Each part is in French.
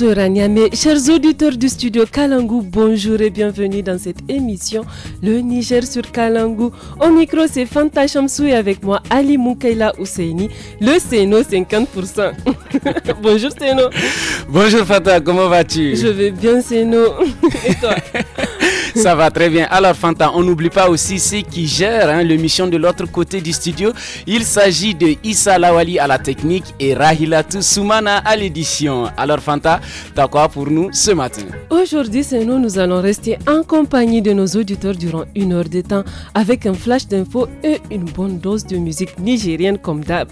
Bonjour h Chers auditeurs du studio Kalangou, bonjour et bienvenue dans cette émission Le Niger sur Kalangou. Au micro, c'est Fanta Chamsou et avec moi Ali Moukaila Ousseini, le Seno 50%. bonjour Seno. Bonjour Fanta, comment vas-tu Je vais bien Seno. et toi Ça va très bien. Alors, Fanta, on n'oublie pas aussi ceux qui gèrent hein, le mission de l'autre côté du studio. Il s'agit de Issa Lawali à la technique et Rahilatou Soumana à l'édition. Alors, Fanta, t'as quoi pour nous ce matin Aujourd'hui, c'est nous. Nous allons rester en compagnie de nos auditeurs durant une heure de temps avec un flash d'infos et une bonne dose de musique nigérienne comme d'hab.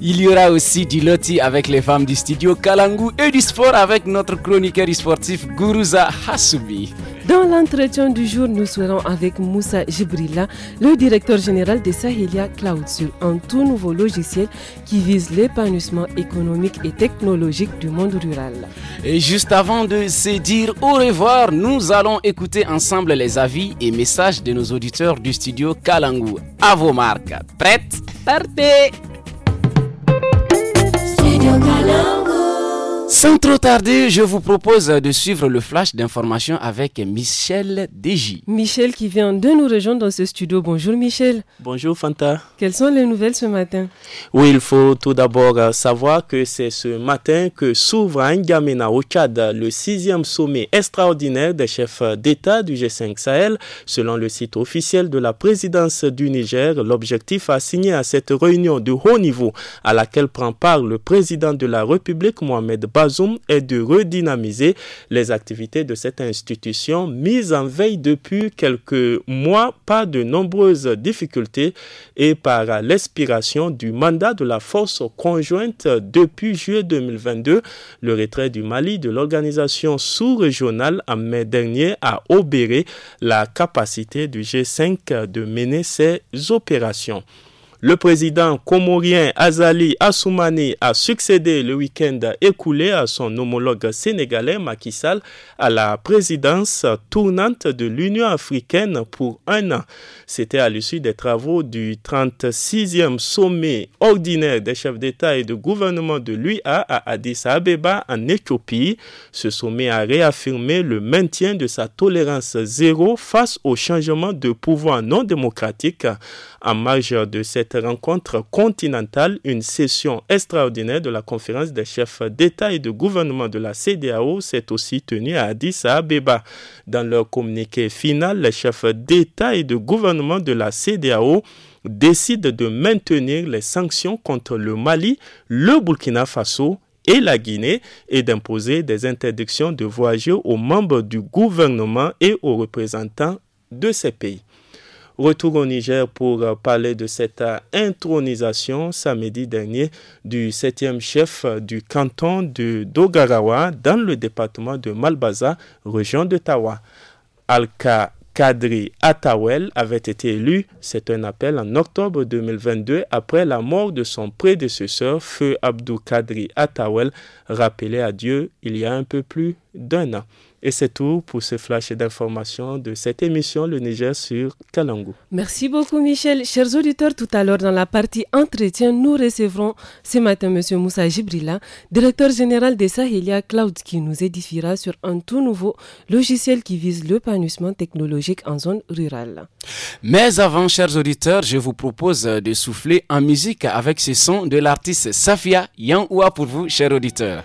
Il y aura aussi du loti avec les femmes du studio Kalangu et du sport avec notre chroniqueur sportif Guruza Hasubi. Dans l'entretien du jour, nous serons avec Moussa Jibrila, le directeur général de Sahelia Cloud sur un tout nouveau logiciel qui vise l'épanouissement économique et technologique du monde rural. Et juste avant de se dire au revoir, nous allons écouter ensemble les avis et messages de nos auditeurs du studio Kalangu. À vos marques, prêtes Partez Radio Color. Sans trop tarder, je vous propose de suivre le flash d'information avec Michel Déji. Michel qui vient de nous rejoindre dans ce studio. Bonjour Michel. Bonjour Fanta. Quelles sont les nouvelles ce matin Oui, il faut tout d'abord euh, savoir que c'est ce matin que s'ouvre à Ngamena au Tchad le sixième sommet extraordinaire des chefs d'État du G5 Sahel. Selon le site officiel de la présidence du Niger, l'objectif assigné à cette réunion de haut niveau à laquelle prend part le président de la République Mohamed Bad et est de redynamiser les activités de cette institution mise en veille depuis quelques mois par de nombreuses difficultés et par l'expiration du mandat de la force conjointe depuis juillet 2022, le retrait du Mali de l'organisation sous-régionale en mai dernier a obéré la capacité du G5 de mener ses opérations. Le président comorien Azali Assoumani a succédé le week-end écoulé à son homologue sénégalais Macky Sall à la présidence tournante de l'Union africaine pour un an. C'était à l'issue des travaux du 36e sommet ordinaire des chefs d'État et de gouvernement de l'UIA à Addis Abeba en Éthiopie. Ce sommet a réaffirmé le maintien de sa tolérance zéro face au changement de pouvoir non démocratique en marge de cette rencontre continentale, une session extraordinaire de la conférence des chefs d'État et de gouvernement de la CDAO s'est aussi tenue à Addis Abeba. Dans leur communiqué final, les chefs d'État et de gouvernement de la CDAO décident de maintenir les sanctions contre le Mali, le Burkina Faso et la Guinée et d'imposer des interdictions de voyage aux membres du gouvernement et aux représentants de ces pays. Retour au Niger pour euh, parler de cette euh, intronisation samedi dernier du 7e chef euh, du canton de Dogarawa dans le département de Malbaza, région de Tawa. Alka Kadri Atawel avait été élu, c'est un appel en octobre 2022 après la mort de son prédécesseur, Feu Abdou Kadri Atawel, rappelé à Dieu il y a un peu plus d'un an. Et c'est tout pour ce flash d'informations de cette émission Le Niger sur Kalangu. Merci beaucoup Michel. Chers auditeurs, tout à l'heure dans la partie entretien, nous recevrons ce matin M. Moussa Gibrila, directeur général de Sahelia Cloud, qui nous édifiera sur un tout nouveau logiciel qui vise l'épanouissement technologique en zone rurale. Mais avant, chers auditeurs, je vous propose de souffler en musique avec ce son de l'artiste Safia Yangoua pour vous, chers auditeurs.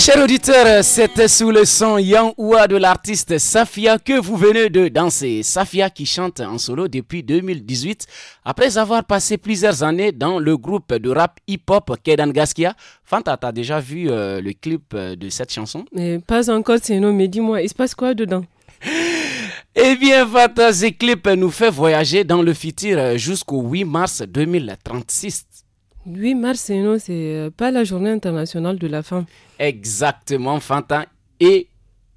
chers auditeurs, c'était sous le son Ouwa de l'artiste Safia que vous venez de danser. Safia qui chante en solo depuis 2018, après avoir passé plusieurs années dans le groupe de rap hip-hop Kedan Gaskia. Fanta, t'as déjà vu euh, le clip euh, de cette chanson Pas encore, non, mais dis-moi, il se passe quoi dedans Eh bien, Fanta, ce clip nous fait voyager dans le futur euh, jusqu'au 8 mars 2036. Oui, mars, non, c'est euh, pas la journée internationale de la femme. Exactement, Fanta. Et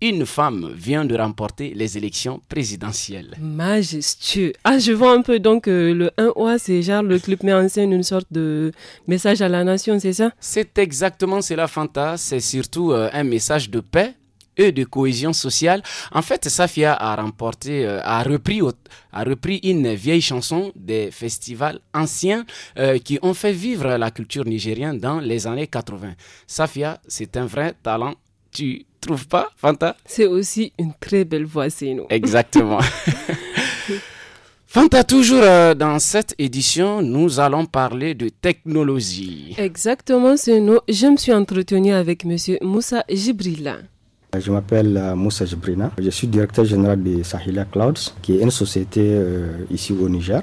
une femme vient de remporter les élections présidentielles. Majestueux. Ah, je vois un peu donc euh, le 1OA, c'est genre le club met en scène une sorte de message à la nation, c'est ça C'est exactement cela, Fanta. C'est surtout euh, un message de paix et de cohésion sociale. En fait, Safia a remporté, euh, a repris, a repris une vieille chanson des festivals anciens euh, qui ont fait vivre la culture nigérienne dans les années 80. Safia, c'est un vrai talent. Tu trouves pas, Fanta C'est aussi une très belle voix, nous. Exactement. Fanta, toujours euh, dans cette édition, nous allons parler de technologie. Exactement, nous. Je me suis entretenu avec M. Moussa Gibrila. Euh, je m'appelle euh, Moussa Jibrina, je suis directeur général de Sahila Clouds, qui est une société euh, ici au Niger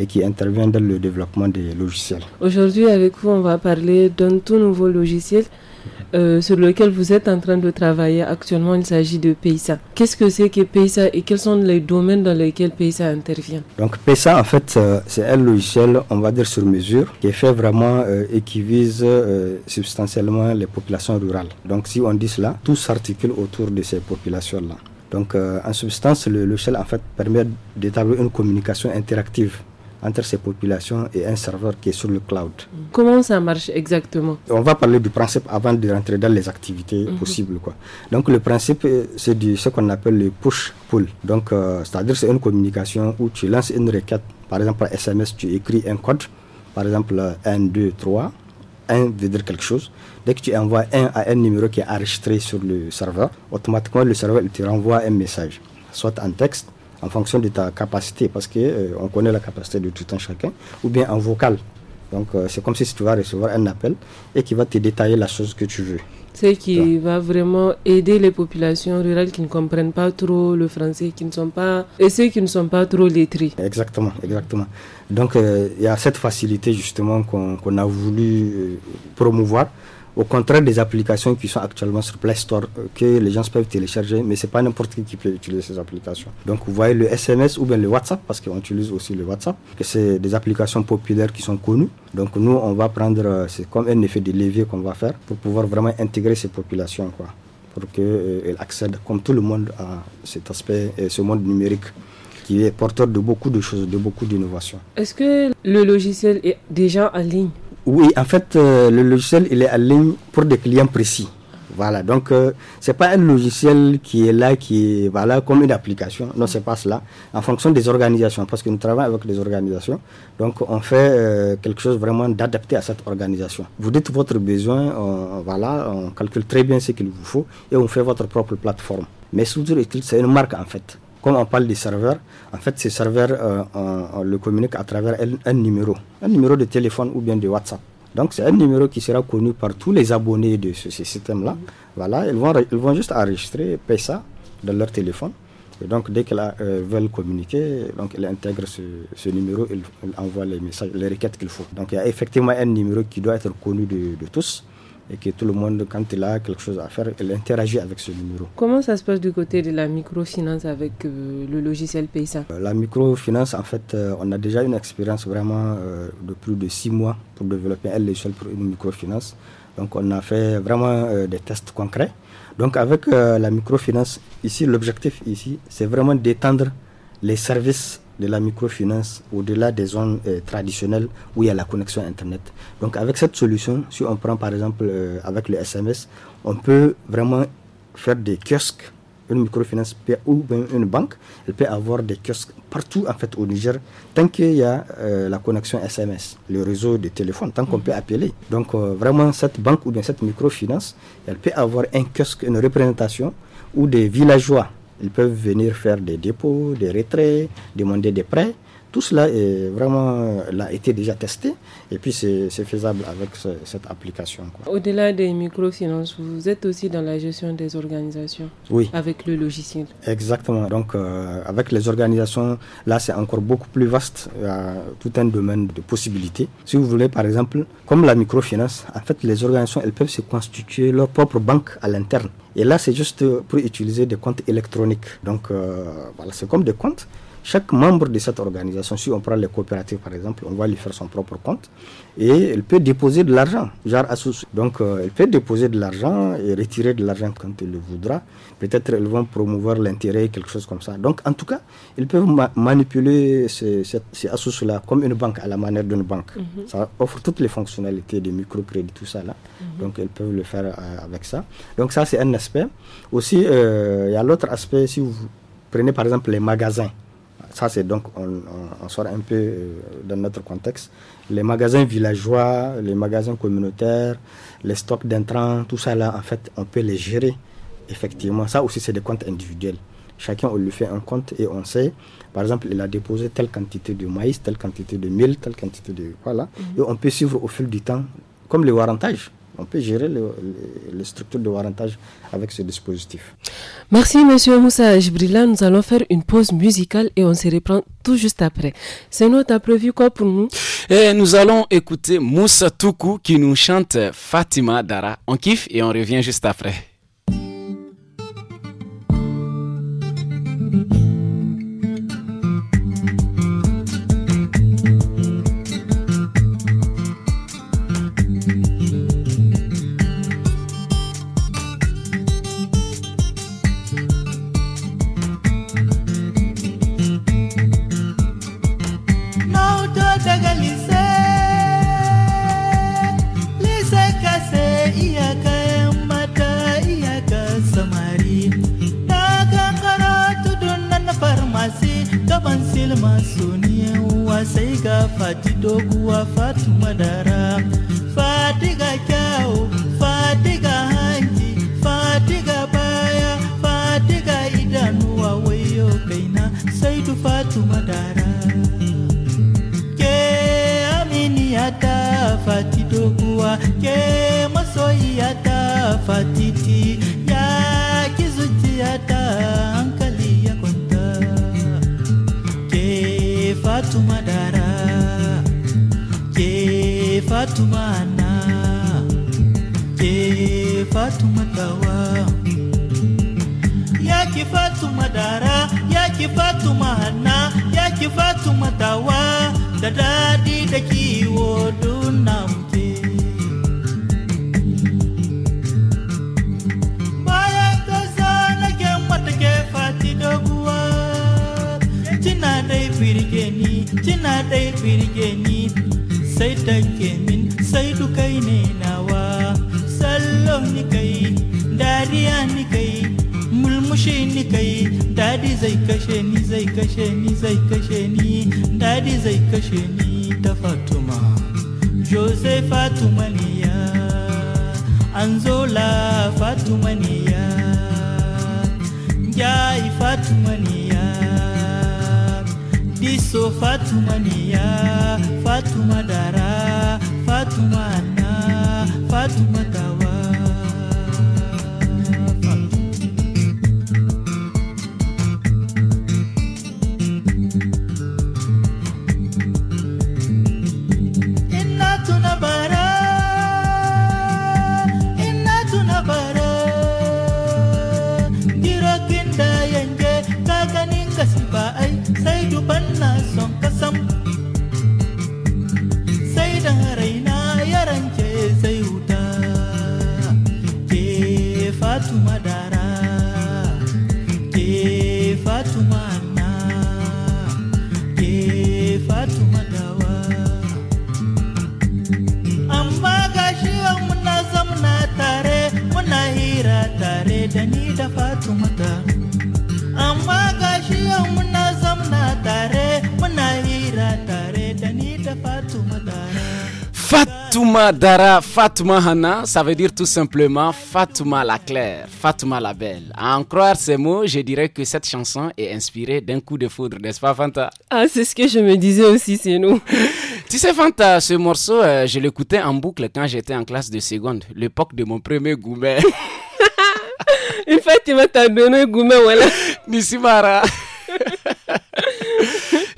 et qui intervient dans le développement des logiciels. Aujourd'hui, avec vous, on va parler d'un tout nouveau logiciel euh, sur lequel vous êtes en train de travailler actuellement, il s'agit de PESA. Qu'est-ce que c'est que PESA et quels sont les domaines dans lesquels PESA intervient Donc PESA, en fait, euh, c'est un logiciel, on va dire sur mesure, qui est fait vraiment et euh, qui vise substantiellement les populations rurales. Donc si on dit cela, tout s'articule autour de ces populations-là. Donc en substance, le logiciel, en fait, permet d'établir une communication interactive entre ces populations et un serveur qui est sur le cloud. Comment ça marche exactement On va parler du principe avant de rentrer dans les activités mhm. possibles. Quoi. Donc le principe, euh, c'est ce qu'on appelle le push-pull. Donc euh, c'est-à-dire c'est une communication où tu lances une requête, par exemple par SMS, tu écris un code, par exemple 1, 2, 3. 1 veut dire quelque chose. Dès que tu envoies un à un numéro qui est enregistré sur le serveur, automatiquement le serveur te renvoie un message, soit en texte, en fonction de ta capacité, parce qu'on euh, on connaît la capacité de tout un chacun, ou bien en vocal. Donc euh, c'est comme si tu vas recevoir un appel et qui va te détailler la chose que tu veux. C'est qui va vraiment aider les populations rurales qui ne comprennent pas trop le français, qui ne sont pas et ceux qui ne sont pas trop lettrés. Exactement, exactement. Donc euh, il y a cette facilité justement qu'on a voulu promouvoir au contraire des applications qui sont actuellement sur Play Store, euh, que les gens peuvent télécharger, mais c'est pas n'importe qui qui peut utiliser ces applications. Donc vous voyez le SMS ou bien le WhatsApp, parce qu'on utilise aussi le WhatsApp, que c'est des applications populaires qui sont connues. Donc nous, on va prendre, euh, c'est comme un effet de levier qu'on va faire pour pouvoir vraiment intégrer ces populations, quoi, pour qu'elles euh, accèdent comme tout le monde à cet aspect, et ce monde numérique qui est porteur de beaucoup de choses, de beaucoup d'innovations. Est-ce que le logiciel est déjà en ligne oui, en fait, euh, le logiciel, il est à ligne pour des clients précis. Voilà, donc euh, ce n'est pas un logiciel qui est là, qui est voilà, comme une application. Non, c'est pas cela. En fonction des organisations, parce que nous travaillons avec des organisations, donc on fait euh, quelque chose vraiment d'adapté à cette organisation. Vous dites votre besoin, voilà, on calcule très bien ce qu'il vous faut et on fait votre propre plateforme. Mais Soudure c'est une marque en fait. Comme on parle des serveurs, en fait, ces serveurs, euh, euh, on, le communique à travers un, numéro, un numéro de téléphone ou bien de WhatsApp. Donc, c'est un numéro qui sera connu par tous les abonnés de ce, système-là. Voilà, ils vont, ils vont juste enregistrer, payer ça dans leur téléphone. Et donc, dès qu'ils euh, veulent communiquer, donc, intègrent ce, numéro, et envoient les messages, les requêtes qu'il faut. Donc, il y a effectivement un numéro qui doit être connu de, de tous et que tout le monde, quand il a quelque chose à faire, il interagit avec ce numéro. Comment ça se passe du côté de la microfinance avec euh, le logiciel Paysa euh, La microfinance, en fait, euh, on a déjà une expérience vraiment de plus de six mois pour développer un logiciel pour une microfinance. Donc, on a fait vraiment des tests concrets. Donc, avec la microfinance, ici, l'objectif ici, c'est vraiment d'étendre les services de la microfinance au-delà des zones euh, traditionnelles où il y a la connexion Internet. Donc avec cette solution, si on prend par exemple euh, avec le SMS, on peut vraiment faire des kiosques. Une microfinance ou ou une banque, elle peut avoir des kiosques partout en fait au Niger tant qu'il y a euh, la connexion SMS, le réseau de téléphone, tant qu'on peut mhm. appeler. Donc vraiment cette banque ou bien cette microfinance, elle peut avoir un kiosque, une représentation ou des villageois ils peuvent venir faire des dépôts, des retraits, demander des prêts. Tout cela est vraiment, a été déjà testé et puis c'est faisable avec cette application. Au-delà des microfinances, vous êtes aussi dans la gestion des organisations oui. avec le logiciel. Exactement. Donc euh, avec les organisations, là c'est encore beaucoup plus vaste, a tout un domaine de possibilités. Si vous voulez par exemple, comme la microfinance, en fait les organisations elles peuvent se constituer leur propre banque à l'interne. Et là c'est juste pour utiliser des comptes électroniques. Donc euh, voilà, c'est comme des comptes chaque membre de cette organisation, si on prend les coopératives par exemple, on va lui faire son propre compte et elle peut déposer de l'argent, genre Donc il euh, elle peut déposer de l'argent et retirer de l'argent quand elle le voudra. Peut-être elles vont promouvoir l'intérêt, quelque chose comme ça. Donc en tout cas, ils peuvent manipuler ces, ces, là comme une banque, à la manière d'une banque. Mhm. Ça offre toutes les fonctionnalités des microcrédits, tout ça là. Mhm. Donc elles peuvent le faire euh, avec ça. Donc ça c'est un aspect. Aussi, euh, il y a l'autre aspect, si vous prenez par exemple les magasins. Ça, c'est donc, on, sort un peu euh, dans notre contexte. Les magasins villageois, les magasins communautaires, les stocks d'intrants, tout ça là, en fait, on peut les gérer. Effectivement, ça aussi, c'est des comptes individuels. Chacun, on lui fait un compte et on sait, par exemple, il a déposé telle quantité de maïs, telle quantité de mil, telle quantité de. Voilà. Mhm. Et on peut suivre au fil du temps, comme le warrantage on peut gérer le, les structures de warrantage avec ce dispositif. Merci, monsieur Moussa Jibrila. Nous allons faire une pause musicale et on se reprend tout juste après. C'est notre t'as prévu quoi pour nous et Nous allons écouter Moussa Toukou qui nous chante Fatima Dara. On kiffe et on revient juste après. ni kai dadi zai kashe ni zai kashe ni zai kashe ni dadi zai kashe ni ta fatuma jose fatuma ya anzola fatuma ne ya jai fatuma ya diso fatuma ya fatuma dara fatuma na fatuma tawa Fatouma Dara, Fatouma Hana, ça veut dire tout simplement Fatouma la claire, Fatouma la belle. À en croire ces mots, je dirais que cette chanson est inspirée d'un coup de foudre, n'est-ce pas Fanta Ah, c'est ce que je me disais aussi, c'est nous. tu sais Fanta, ce morceau, euh, je l'écoutais en boucle quand j'étais en classe de seconde, l'époque de mon premier gourmet. En fait, tu m'as donné gourmet, voilà. Nissimara.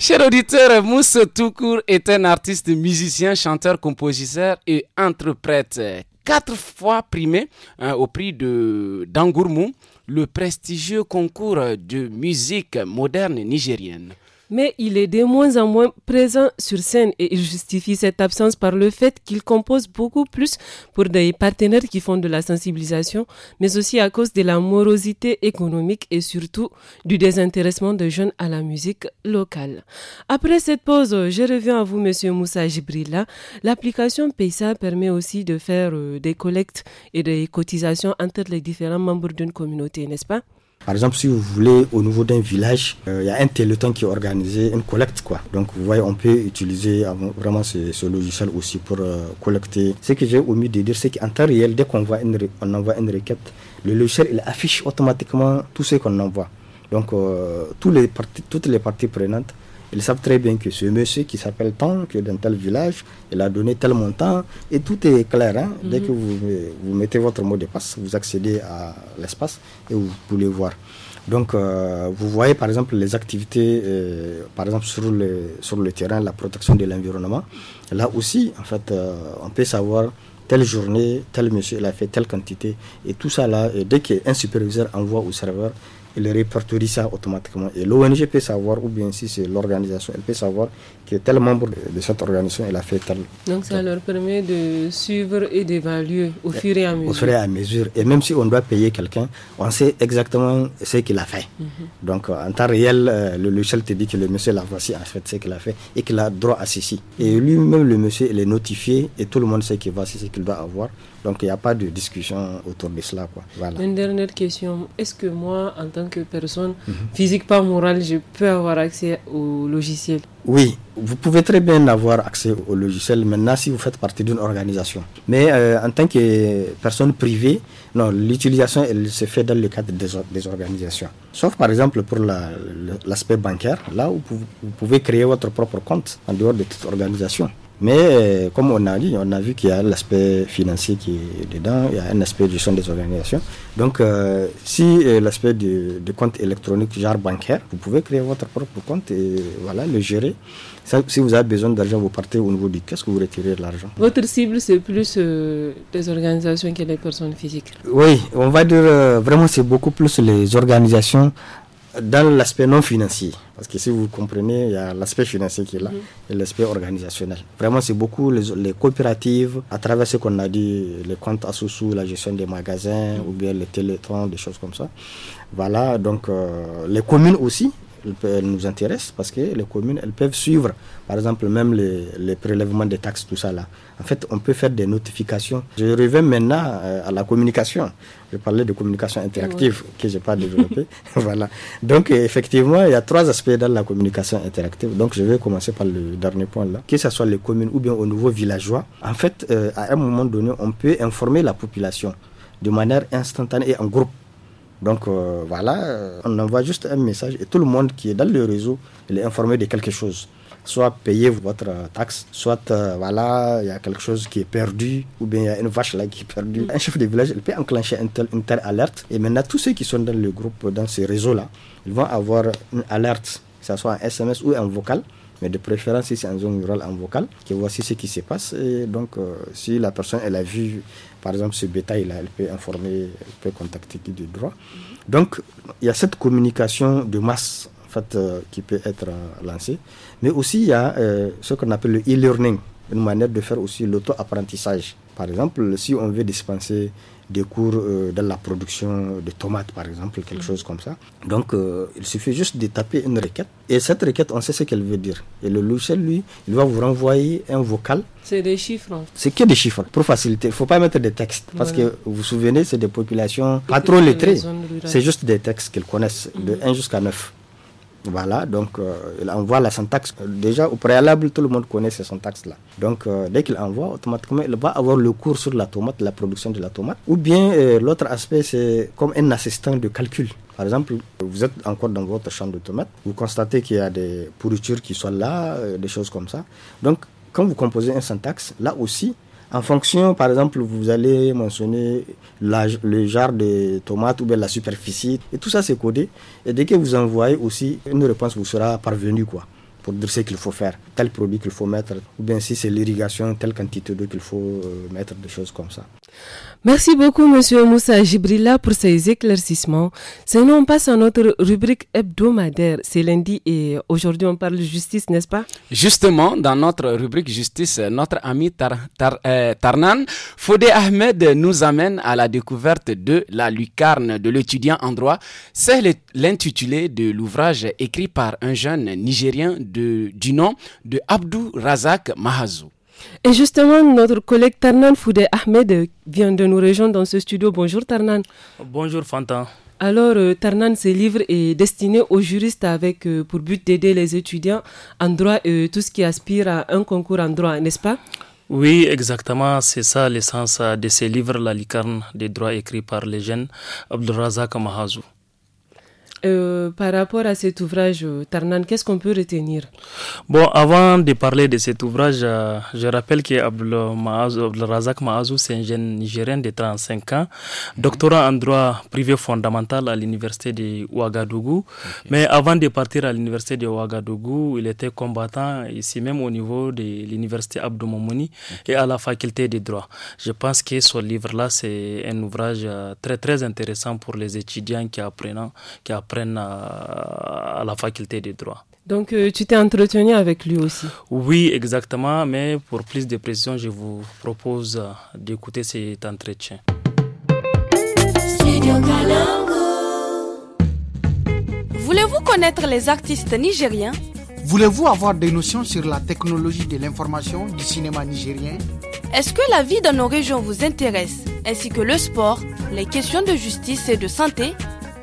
Cher auditeur, Mousse Toukour est un artiste musicien, chanteur, compositeur et interprète. Quatre fois primé hein, au prix de d'Angourmou, le prestigieux concours de musique moderne nigérienne mais il est de moins en moins présent sur scène et il justifie cette absence par le fait qu'il compose beaucoup plus pour des partenaires qui font de la sensibilisation, mais aussi à cause de la morosité économique et surtout du désintéressement des jeunes à la musique locale. Après cette pause, je reviens à vous, monsieur Moussa Jibrilla. L'application Paysa permet aussi de faire euh, des collectes et des cotisations entre les différents membres d'une communauté, n'est-ce pas? Par exemple, si vous voulez, au niveau d'un village, euh, il y a un téléthon qui est organisé, une collecte, quoi. Donc, vous voyez, on peut utiliser euh, vraiment ce, logiciel aussi pour euh, collecter. Ce que j'ai omis de dire, c'est qu'en temps réel, dès qu'on envoie une requête, le logiciel, il affiche automatiquement tout ce qu'on envoie. Donc, toutes les parties prenantes ils savent très bien que ce monsieur qui s'appelle tant, que dans tel village, il a donné tel montant. Et tout est clair. Hein. Mhm. Dès que vous, vous, mettez votre mot de passe, vous accédez à l'espace et vous pouvez voir. Donc, euh, vous voyez par exemple les activités, euh, par exemple sur le, sur le terrain, la protection de l'environnement. Là aussi, en fait, euh, on peut savoir telle journée, tel monsieur, il a fait telle quantité. Et tout ça là, dès qu'un superviseur envoie au serveur il répertorie ça automatiquement. Et l'ONG peut savoir, ou bien si c'est l'organisation, elle peut savoir tel membre de cette organisation, il a fait tel. Donc ça leur permet de suivre et d'évaluer au fur et à mesure. Au fur et à mesure. Et même si on doit payer quelqu'un, on sait exactement ce qu'il a fait. Mhm. Donc euh, en temps réel, euh, le logiciel te dit que le monsieur l'a voici en fait ce qu'il a fait et qu'il a droit à ceci. Et mhm. lui-même, le monsieur, il est notifié et tout le monde sait qu'il voici ce qu'il doit avoir. Donc il n'y a pas de discussion autour de cela. Quoi. Voilà. Une dernière question. Est-ce que moi, en tant que personne mhm. physique, pas morale, je peux avoir accès au logiciel Oui, vous pouvez très bien avoir accès au logiciel maintenant si vous faites partie d'une organisation. Mais euh, en tant que personne privée, non, l'utilisation, elle se fait dans le cadre des, organisations. Sauf par exemple pour l'aspect bancaire, là où vous pouvez créer votre propre compte en dehors de toute organisation. Mais euh, comme on a dit, on a vu qu'il y a l'aspect financier qui est dedans, il y a un aspect du son des organisations. Donc, euh, si l'aspect de compte électronique, genre bancaire, vous pouvez créer votre propre compte et voilà, le gérer si vous avez besoin d'argent, vous partez au niveau du qu'est-ce que vous retirez de l'argent. Votre cible, c'est plus euh, des organisations que les personnes physiques. Oui, on va dire euh, vraiment, c'est beaucoup plus les organisations dans l'aspect non financier. Parce que si vous comprenez, il y a l'aspect financier qui est là mhm. et l'aspect organisationnel. Vraiment, c'est beaucoup les, coopératives, à travers ce qu'on a dit, les comptes à sous la gestion des magasins, mhm. ou bien les télétrons, des choses comme ça. Voilà, donc euh, les communes aussi, elle nous intéresse parce que les communes, elles peuvent suivre, par exemple, même les, prélèvements des taxes, tout ça là. En fait, on peut faire des notifications. Je reviens maintenant euh, à la communication. Je parlais de communication interactive que je n'ai pas développée. voilà. Donc, effectivement, il y a trois aspects dans la communication interactive. Donc, je vais commencer par le dernier point là. Que ce soit les communes ou bien au niveau villageois, en fait, euh, à un moment donné, on peut informer la population de manière instantanée et en groupe. Donc euh, voilà, euh, on envoie juste un message et tout le monde qui est dans le réseau il est informé de quelque chose. Soit payez votre euh, taxe, soit voilà, il y a quelque chose qui est perdu, ou bien il y a une vache là qui est perdue. Mm. Un chef de village, il peut enclencher une telle, une alerte. Et maintenant, tous ceux qui sont dans le groupe, dans ces réseaux-là, ils vont avoir une alerte, que ce soit un SMS ou un vocal mais de préférence, si c'est en zone rurale, en vocal, que voici ce qui se passe. Et donc, euh, si la personne, elle a vu, par exemple, ce bétail-là, elle peut informer, elle peut contacter qui de droit. Donc, il y a cette communication de masse en fait, euh, qui peut être euh, lancée. Mais aussi, il y a ce qu'on appelle le e-learning, une manière de faire aussi l'auto-apprentissage. Par exemple, si on veut dispenser des cours euh, dans la production de tomates, par exemple, quelque chose comme ça. Donc, euh, il suffit juste de taper une requête. Et cette requête, on sait ce qu'elle veut dire. Et le logiciel, lui, il va vous renvoyer un vocal. C'est des chiffres. C'est que des chiffres, pour faciliter. Il ne faut pas mettre des textes. Parce que, vous vous souvenez, c'est des populations pas trop lettrées. C'est juste des textes qu'ils connaissent, de 1 mhm. jusqu'à 9. Voilà, donc euh, il envoie la syntaxe. Déjà, au préalable, tout le monde connaît ces syntaxes-là. Donc, euh, dès qu'il envoie, automatiquement, il va avoir le cours sur la tomate, la production de la tomate. Ou bien, euh, l'autre aspect, c'est comme un assistant de calcul. Par exemple, vous êtes encore dans votre champ de tomates, vous constatez qu'il y a des pourritures qui sont là, des choses comme ça. Donc, quand vous composez un syntaxe, là aussi, en fonction, par exemple, vous allez mentionner le genre de tomate ou bien la superficie. Et tout ça, c'est codé. Et dès que vous envoyez aussi, une réponse vous sera parvenue, quoi pour dire ce qu'il faut faire, tel produit qu'il faut mettre, ou bien si c'est l'irrigation, telle quantité d'eau qu'il faut euh, mettre, des choses comme ça. Merci beaucoup, Monsieur Moussa Gibrilla, pour ces éclaircissements. Sinon, on passe à notre rubrique hebdomadaire. C'est lundi et aujourd'hui, on parle de justice, n'est-ce pas Justement, dans notre rubrique justice, notre ami euh, Tarnan, Fodé Ahmed nous amène à la découverte de la lucarne de l'étudiant en droit. C'est l'intitulé de l'ouvrage écrit par un jeune Nigérien du nom de Abdou Razak Mahazou. Et justement, notre collègue Tarnan Foudé Ahmed vient de nous rejoindre dans ce studio. Bonjour Tarnan. Bonjour Fantan. Alors, euh, Tarnan, ce livre est destiné aux juristes avec euh, pour but d'aider les étudiants en droit et tout ce qui aspire à un concours en droit, n'est-ce pas oui, exactement, c'est ça l'essence euh, de ce livre, La licarne des droits écrits par les jeunes, Abdelrazak Mahazou. Euh, par rapport à cet ouvrage, euh, Tarnan, qu'est-ce qu'on peut retenir Bon, avant de parler de cet ouvrage, euh, je rappelle que Razak Maazou, c'est un jeune Nigérien de 35 ans, doctorat en droit privé fondamental à l'université de Ouagadougou. Mais avant de partir à l'université de Ouagadougou, il était combattant ici même au niveau de l'université Abdou Moumouni et à la faculté de droit. Je pense que ce livre-là, c'est un ouvrage très très intéressant pour les étudiants qui apprennent, qui apprennent prennent à, la faculté de droit. Donc euh, tu t'es entretenu avec lui aussi Oui, exactement, mais pour plus de précision, je vous propose d'écouter cet entretien. Voulez-vous connaître les artistes nigériens Voulez-vous avoir des notions sur la technologie de l'information du cinéma nigérien Est-ce que la vie dans nos régions vous intéresse, ainsi que le sport, les questions de justice et de santé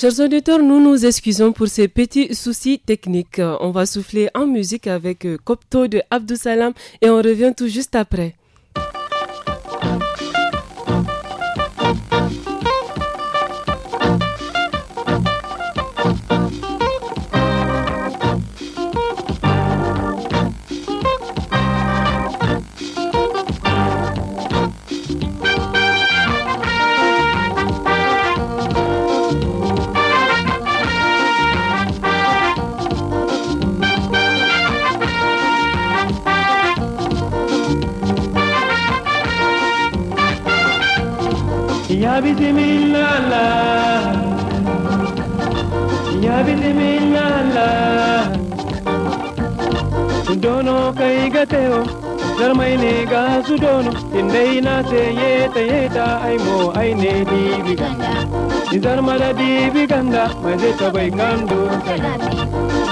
Chers auditeurs, nous nous excusons pour ces petits soucis techniques. On va souffler en musique avec Copto euh, de Abdou Salam et on revient tout juste après. gateo dar mai ne ga su dono indai na te yeta yeta ai mo ai ne di biganda izar mala di biganda mai je ta bai gandu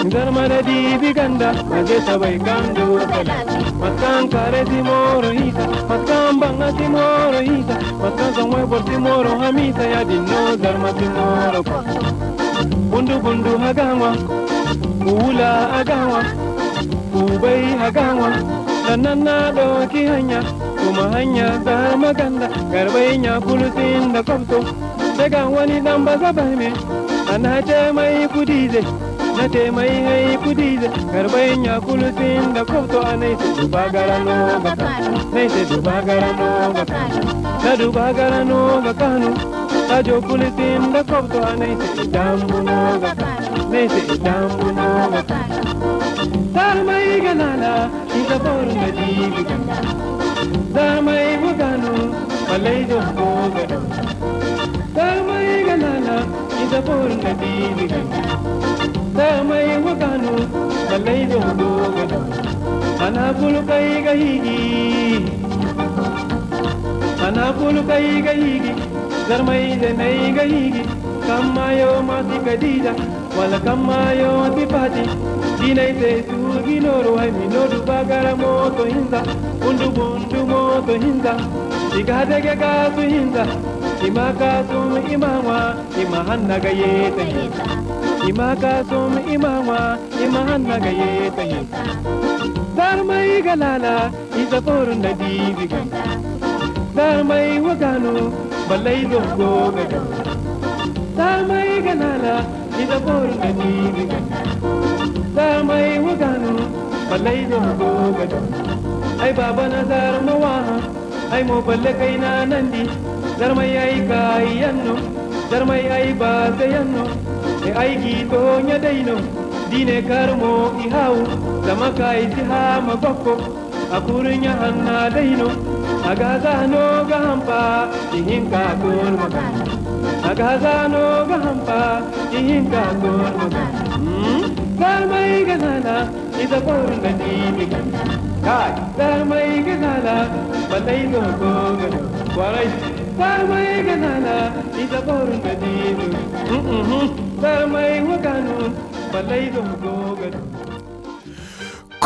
izar mala di biganda mai je ta bai gandu matan kare di moro ita matan banga di moro ita matan zamwe bor di moro hamita ya di no dar ma di moro bundu bundu hagawa Ula agawa ubai hagawa na na na ɗauki hanya kuma hanya ta maganda garbai ya kulsin da kwamto daga wani dan ba zaba me ana ce mai kudi zai na te mai hai kudi zai garbai ya kulsin da kwamto a nai sai duba gara no ga kano nai sai duba gara no ga kano na duba gara no ga kano na jo kulsin da kwamto a nai sai dambu no ga kano nai sai no ga Darmai ganala, isa por madhivi ganala. Darmai vugano, malay jumbo ganala. Darmai ganala, isa por madhivi ganala. Darmai vugano, malay jumbo ganala. Manapulu kai gahigi. Manapulu kai gahigi. Darmai janai gahigi. Kamayo mati kadida, wala kamayo antipati. Inaitezu ginoro ai minoru bagara moto hinda Undu bundu moto hinda Igadege gazu hinda Ima kasum imawa Ima hannaga yeta yeta Ima kasum imawa Ima hannaga yeta yeta galala igalala Iza porunda diviga Dharma iwaganu Balai zongo gaga galala igalala Iza porunda diviga Zar mai wugano balai da gogado ai baba na zarma wa ai mo balle kai na nandi zarmai ai kai yanno mai ai ba ga yanno e ai gi to nya daino dine kar mo i hawo zama kai ti ha magokko akurin ya hanna daino ga zano ga hampa ihin ka kol A ga zano ga hampa ihin ka kol maga hmm? Mm-hmm. Mm-hmm. Mm-hmm. Mm-hmm. Mm-hmm. Mm-hmm. Mm-hmm. Mm-hmm. Mm-hmm. mm mm Mm-hmm. Mm-hmm. Mm-hmm.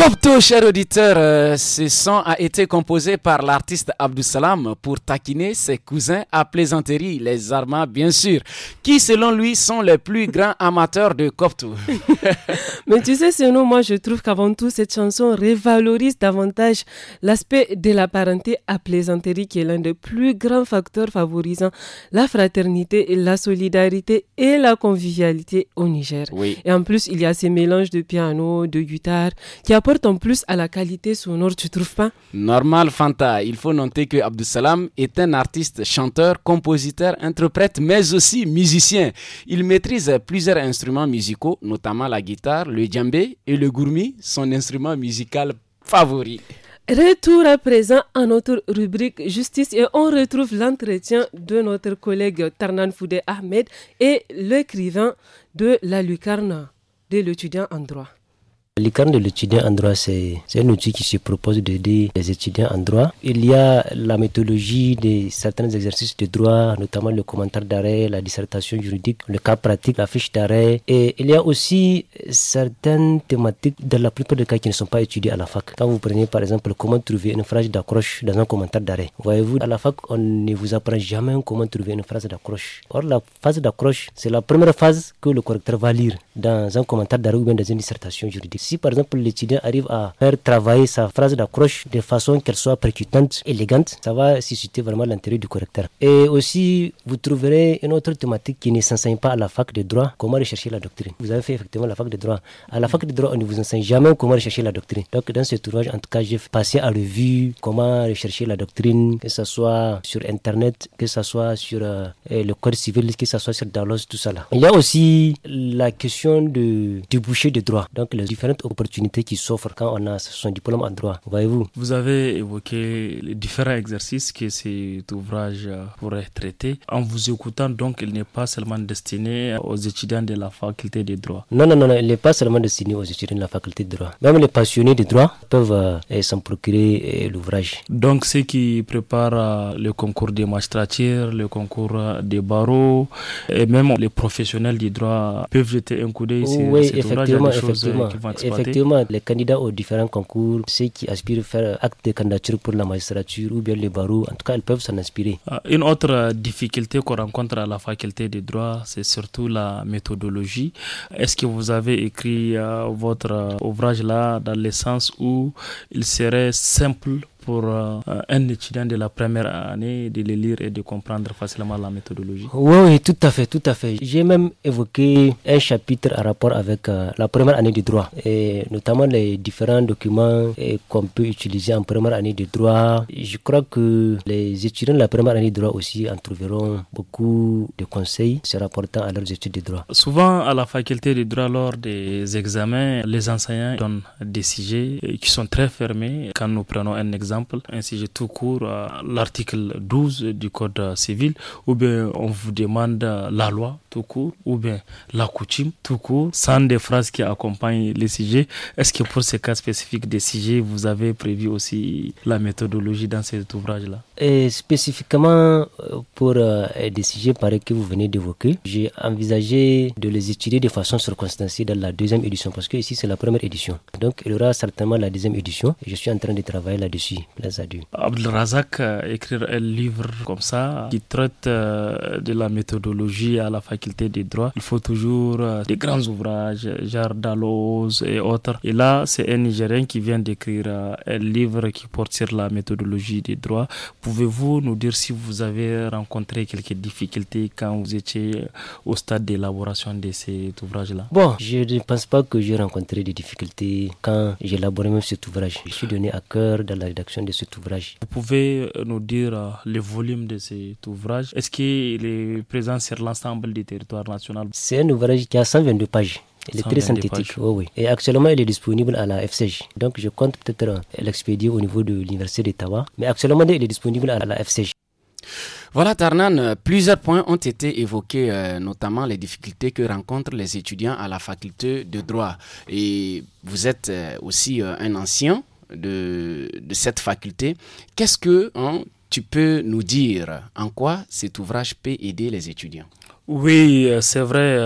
Copto, cher auditeur, euh, ce son a été composé par l'artiste Abdou Salam pour taquiner ses cousins à plaisanterie, les Armas bien sûr, qui selon lui sont les plus grands amateurs de Copto. Mais tu sais, sinon, moi je trouve qu'avant tout, cette chanson révalorise davantage l'aspect de la parenté à plaisanterie qui est l'un des plus grands facteurs favorisant la fraternité, la solidarité et la convivialité au Niger. Oui. Et en plus, il y a ces mélanges de piano, de guitare qui apportent en plus à la qualité sonore, tu trouves pas Normal, Fanta. Il faut noter que Salam est un artiste, chanteur, compositeur, interprète, mais aussi musicien. Il maîtrise plusieurs instruments musicaux, notamment la guitare, le djembé et le gourmi, son instrument musical favori. Retour à présent à notre rubrique justice et on retrouve l'entretien de notre collègue Tarnan Foudé Ahmed et l'écrivain de la Lucarne, de l'étudiant en droit. L'ICARN de l'étudiant en droit, c'est un outil qui se propose d'aider les étudiants en droit. Il y a la méthodologie de certains exercices de droit, notamment le commentaire d'arrêt, la dissertation juridique, le cas pratique, la fiche d'arrêt. Et il y a aussi certaines thématiques dans la plupart des cas qui ne sont pas étudiées à la fac. Quand vous prenez par exemple comment trouver une phrase d'accroche dans un commentaire d'arrêt. Voyez-vous, à la fac, on ne vous apprend jamais comment trouver une phrase d'accroche. Or, la phase d'accroche, c'est la première phase que le correcteur va lire dans un commentaire d'arrêt ou bien dans une dissertation juridique si par exemple l'étudiant arrive à faire travailler sa phrase d'accroche de façon qu'elle soit percutante, élégante, ça va susciter vraiment l'intérêt du correcteur. Et aussi, vous trouverez une autre thématique qui ne s'enseigne pas à la fac de droit, comment rechercher la doctrine. Vous avez fait effectivement la fac de droit. À la fac de droit, on ne vous enseigne jamais comment rechercher la doctrine. Donc dans ce tournage, en tout cas, j'ai passé à revue comment rechercher la doctrine, que ce soit sur Internet, que ce soit sur euh, le code civil, que ce soit sur Dallos, tout ça là. Il y a aussi la question de, du boucher de droit. Donc les différentes opportunités qui s'offrent quand on a son diplôme en droit. Voyez-vous Vous avez évoqué les différents exercices que cet ouvrage euh, pourrait traiter. En vous écoutant, donc, il n'est pas seulement destiné aux étudiants de la faculté de droit. Non, non, non, il n'est pas seulement destiné aux étudiants de la faculté de droit. Même les passionnés de droit peuvent euh, s'en procurer euh, l'ouvrage. Donc, ceux qui préparent le concours des magistratures, le concours des barreaux, et même les professionnels du droit peuvent jeter un coup d'œil oui, ouvrage. Il y a des vont Effectivement, les candidats aux différents concours, ceux qui aspirent à faire acte de candidature pour la magistrature ou bien les barreaux, en tout cas, ils peuvent s'en inspirer. Euh, une autre euh, difficulté qu'on rencontre à la faculté de droit, c'est surtout la méthodologie. Est-ce que vous avez écrit euh, votre ouvrage là dans le sens où il serait simple pour euh, un étudiant de la première année de les lire et de comprendre facilement la méthodologie Oui, oui, tout à fait, tout à fait. J'ai même évoqué un chapitre en rapport avec euh, la première année de droit, et notamment les différents documents euh, qu'on peut utiliser en première année de droit. Je crois que les étudiants de la première année de droit aussi en trouveront beaucoup de conseils se rapportant à leurs études de droit. Souvent, à la faculté de droit, lors des examens, les enseignants donnent des sujets qui sont très fermés. Quand nous prenons un examen, exemple, un sujet tout court, euh, l'article 12 du Code civil, ou bien on vous demande euh, la loi tout court, ou bien la coutume tout court, sans des phrases qui accompagnent les sujets. Est-ce que pour ces cas spécifiques des sujets, vous avez prévu aussi la méthodologie dans cet ouvrage-là Et spécifiquement euh, pour des sujets pareils que vous venez d'évoquer, j'ai envisagé de les étudier de façon circonstanciée dans la deuxième édition, parce que ici c'est la première édition. Donc il y aura certainement la deuxième édition. Je suis en train de travailler là-dessus les Razak, euh, écrire un livre comme ça qui traite euh, de la méthodologie à la faculté des droits, il faut toujours euh, des grands ouvrages, genre Dalloz et autres. Et là, c'est un Nigérien qui vient d'écrire un livre qui porte sur la méthodologie des droits. Pouvez-vous nous dire si vous avez rencontré quelques difficultés quand vous étiez au stade d'élaboration de cet ouvrage-là Bon, je ne pense pas que j'ai rencontré des difficultés quand j'élaborais même cet ouvrage. Je suis donné à cœur dans la rédaction de cet ouvrage. Vous pouvez euh, nous dire euh, le volume de cet ouvrage Est-ce qu'il est présent sur l'ensemble du territoire national C'est un ouvrage qui a 122 pages. Il est très synthétique, oui. Et actuellement, il est disponible à la FCJ. Donc, je compte peut-être euh, l'expédier au niveau de l'Université d'Ottawa. Mais actuellement, il est disponible à la FCJ. Voilà, Tarnan, plusieurs points ont été évoqués, notamment les difficultés que rencontrent les étudiants à la faculté de droit. Et vous êtes aussi un ancien de, cette faculté. Qu'est-ce que hein, tu peux nous dire En quoi cet ouvrage peut aider les étudiants oui, euh, c'est vrai.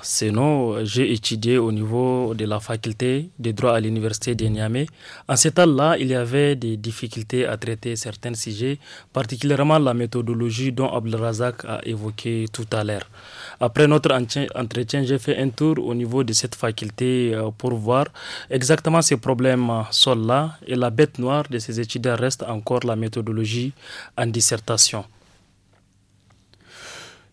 c'est euh, non, j'ai étudié au niveau de la faculté de droit à l'université de Niamey. En ce temps-là, il y avait des difficultés à traiter certains sujets, particulièrement la méthodologie dont Abdelrazak a évoqué tout à l'heure. Après notre entretien, j'ai fait un tour au niveau de cette faculté euh, pour voir exactement ces problèmes sont là et la bête noire de ces étudiants reste encore la méthodologie en dissertation.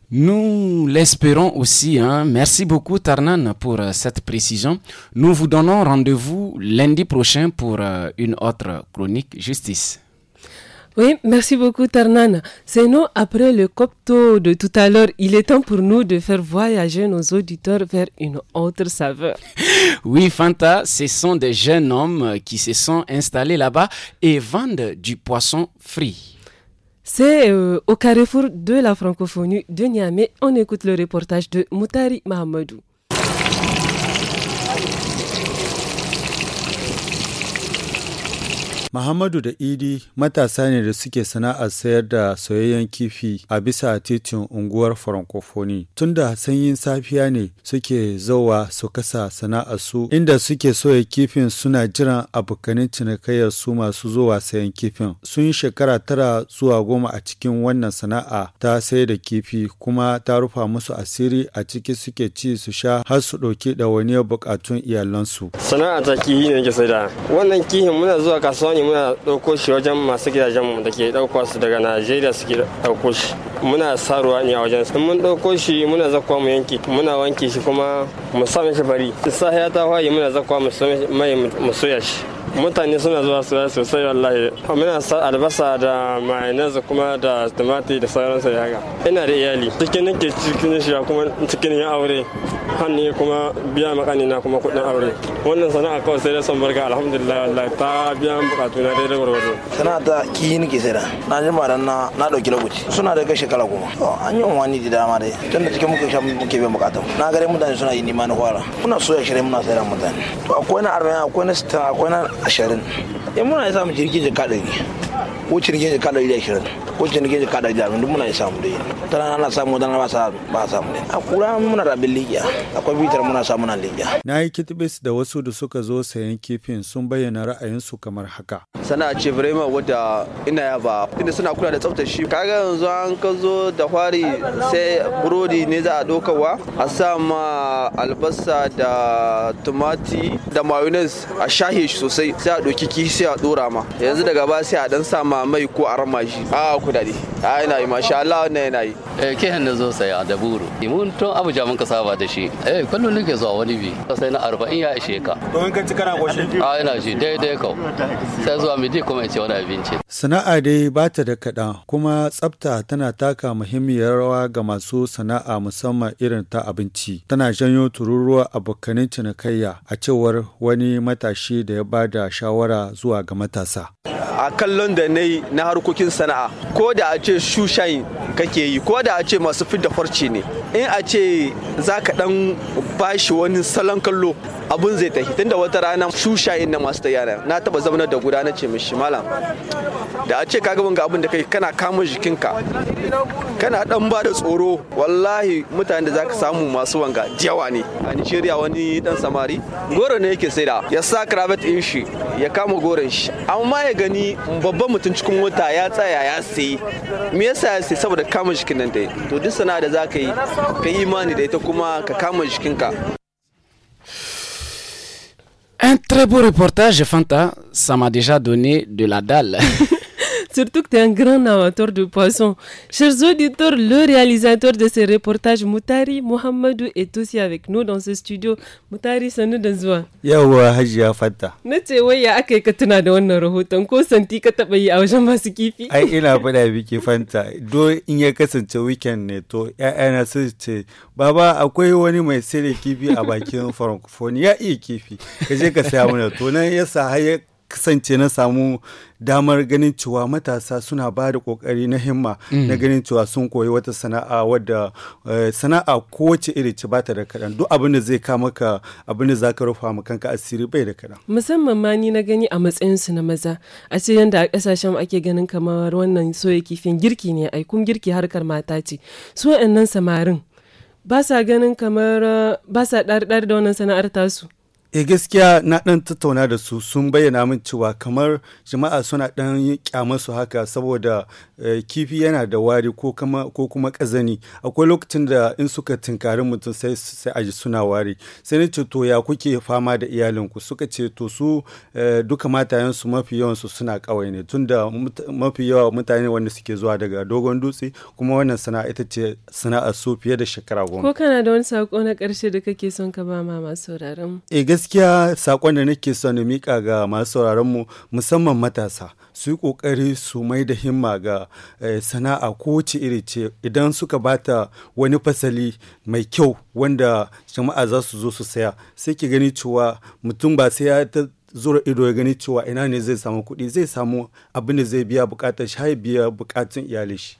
Nous l'espérons aussi. Hein. Merci beaucoup Tarnan pour euh, cette précision. Nous vous donnons rendez-vous lundi prochain pour euh, une autre chronique justice. Oui, merci beaucoup Tarnan. nous après le copto de tout à l'heure, il est temps pour nous de faire voyager nos auditeurs vers une autre saveur. Oui, Fanta, ce sont des jeunes hommes qui se sont installés là-bas et vendent du poisson frit. C'est euh, au carrefour de la francophonie de Niamey. On écoute le reportage de Moutari Mahamadou. Muhammadu da Idi matasa ne da suke sana'ar sayar da soyayyen kifi a bisa titin unguwar Francophonie. Tun da sanyin safiya ne suke zauwa su kasa sana'ar su inda suke soya kifin suna jiran abokanin cinikayyar su masu zuwa sayan kifin. Sun shekara tara zuwa goma a cikin wannan sana'a ta sayar da kifi kuma ta rufa musu asiri a ciki suke ci su sha har su ɗauki ɗawainiyar buƙatun iyalansu. Sana'a ta kifi ne ke sai wannan kihin muna zuwa kasuwa ne muna ɗauko shi wajen masu gidajenmu da ke ɗauko su daga najeriya suke ɗauko shi muna saruwa ne a wajen su mun ɗauko shi muna zakwa mu yanki muna wanke shi kuma mu sa bari fari ya ta waye muna zakwa mu mai mu soya shi mutane suna zuwa su siya sosai wallahi muna sa albasa da mayonnaise kuma da tumati da sauran su yaga ina da iyali cikin nake cikin shi kuma cikin yin aure hannu kuma biya makani na kuma kudin aure wannan sana'a kawai sai da son barka alhamdulillah wallahi ta biya bukatu na daidai gwargwado sana'a ta kiyi nake sai da na jima dan na na dauki lokaci suna da gashi kala goma to an yi wani da dama dai tun da cikin muke sha muke biyan bukatu na gare mutane suna yi nima na fara muna soya shirin muna da mutane to akwai na arba'in akwai na sittin akwai na ashirin ya eh, muna ya samu jirgin jaka ɗari ko jirgin jaka ɗari da ashirin ko jirgin jaka ɗari da ashirin duk muna isa mu dai tana ana samu dan ba sa ba samu ne a kura muna rabin abin liƙiya akwai bitar muna samu na liƙiya na yi kitibis da wasu da suka zo sayan kifin sun bayyana ra'ayinsu kamar haka sana'a ce birema wadda ina ya ba inda suna kula da tsaftar shi kaga yanzu an ka zo da fari sai burodi ne za a ɗaukawa a sa ma albasa da tumati da mayonnaise a shahe shi sosai kawai sai a ɗauki kihi sai a ɗora ma yanzu daga ba sai a dan sa ma mai ko a rama shi a dade a yana yi masha Allah wannan yana yi eh ke hannu zo sai a daburu mun tun Abuja mun ka saba da shi eh kullun nake zuwa wani bi sai na 40 ya ishe ka to in ka ci kana goshi a yana shi daidai kau sai zuwa midi kuma ya ce wani abinci sana'a dai ba ta da kaɗan kuma tsafta tana taka muhimmiyar rawa ga masu sana'a musamman irin ta abinci tana janyo tururuwa abokanin cinikayya a cewar wani matashi da ya ba da shawara zuwa ga matasa? a kallon da na yi na harkokin sana'a ko da a ce shushayin kake yi ko da a ce masu fidda farce ne in a ce za ka dan bashi wani salon kallo abun zai tafi da wata rana su shayin na masu tayyana na taba zama da guda na ce mishi malam da a ce kaga ga abin da kai kana kama jikinka kana dan ba da tsoro wallahi mutane da zaka samu masu wanga jawa ne a Nigeria wani dan samari goro ne yake saida ya sa kravat din shi ya kama goron shi amma ya gani babban mutum cikin wata ya tsaya ya sayi me yasa ya sayi saboda kama jikin nan dai to duk sana'a da zaka yi ka yi imani da ita kuma ka kama jikinka Un très beau reportage, Fanta. Ça m'a déjà donné de la dalle. Surtout que tu es un grand amateur de poissons. Chers auditeurs, le réalisateur de ces reportages, Moutari Mohamedou, est aussi avec nous dans ce studio. Moutari, sanu da zuwa. Yawwa, Hajiya Fatta. Na ce wai ya aka yi ka tuna da wannan rahoton ko santi ka taɓa a wajen kifi. Ai, ina faɗa biki Fanta. Do in ya kasance weekend ne to ‘ya'yana su Baba, akwai wani mai sai kifi a bakin ya iya kifi. Kaje je ka saya mana to nan ya sa kasance na samu damar ganin cewa matasa suna ba da kokari na himma na mm. ganin cewa sun koyi wata sana'a wadda eh, sana'a kowace iri ce ba ta da kaɗan duk abin da zai kama ka abin da za ka rufa ma kanka asiri bai da kaɗan. musamman ma ni na gani a matsayin su na maza a ce yanda a ƙasashen ake ganin kamar wannan soya kifin girki ne ai kun girki harkar mata ce su samarin ba sa ganin kamar eh, ba sa ɗarɗar da wannan sana'ar tasu. e gaskiya na dan tattauna da su sun bayyana min cewa kamar jama'a suna dan kyamarsu haka saboda eh, kifi yana da wari ko kuma kazani akwai lokacin da in suka tinkari mutum sai sai aji suna wari sai na ce to ya kuke fama da iyalinku suka ce to su eh, duka matayen su mafi yawan su suna kawai ne tunda mafi yawa mutane wanda suke zuwa daga dogon dutse kuma wannan sana'a ita ce sana'a su fiye da shekara goma ko kana da wani sako na karshe da kake son ka ba ma masu sauraron gaskiya sakon da nake son na mika ga masu sauraron mu musamman matasa su yi kokari su mai da himma ga eh, sana'a ko kowace iri ce idan suka bata wani fasali mai kyau wanda jama'a za su zo su saya sai ki gani cewa mutum ba sai ya ta zura ido ya gani cewa ina ne zai samu kuɗi zai samu abin da zai biya bukatar shi biya bukatun iyali shi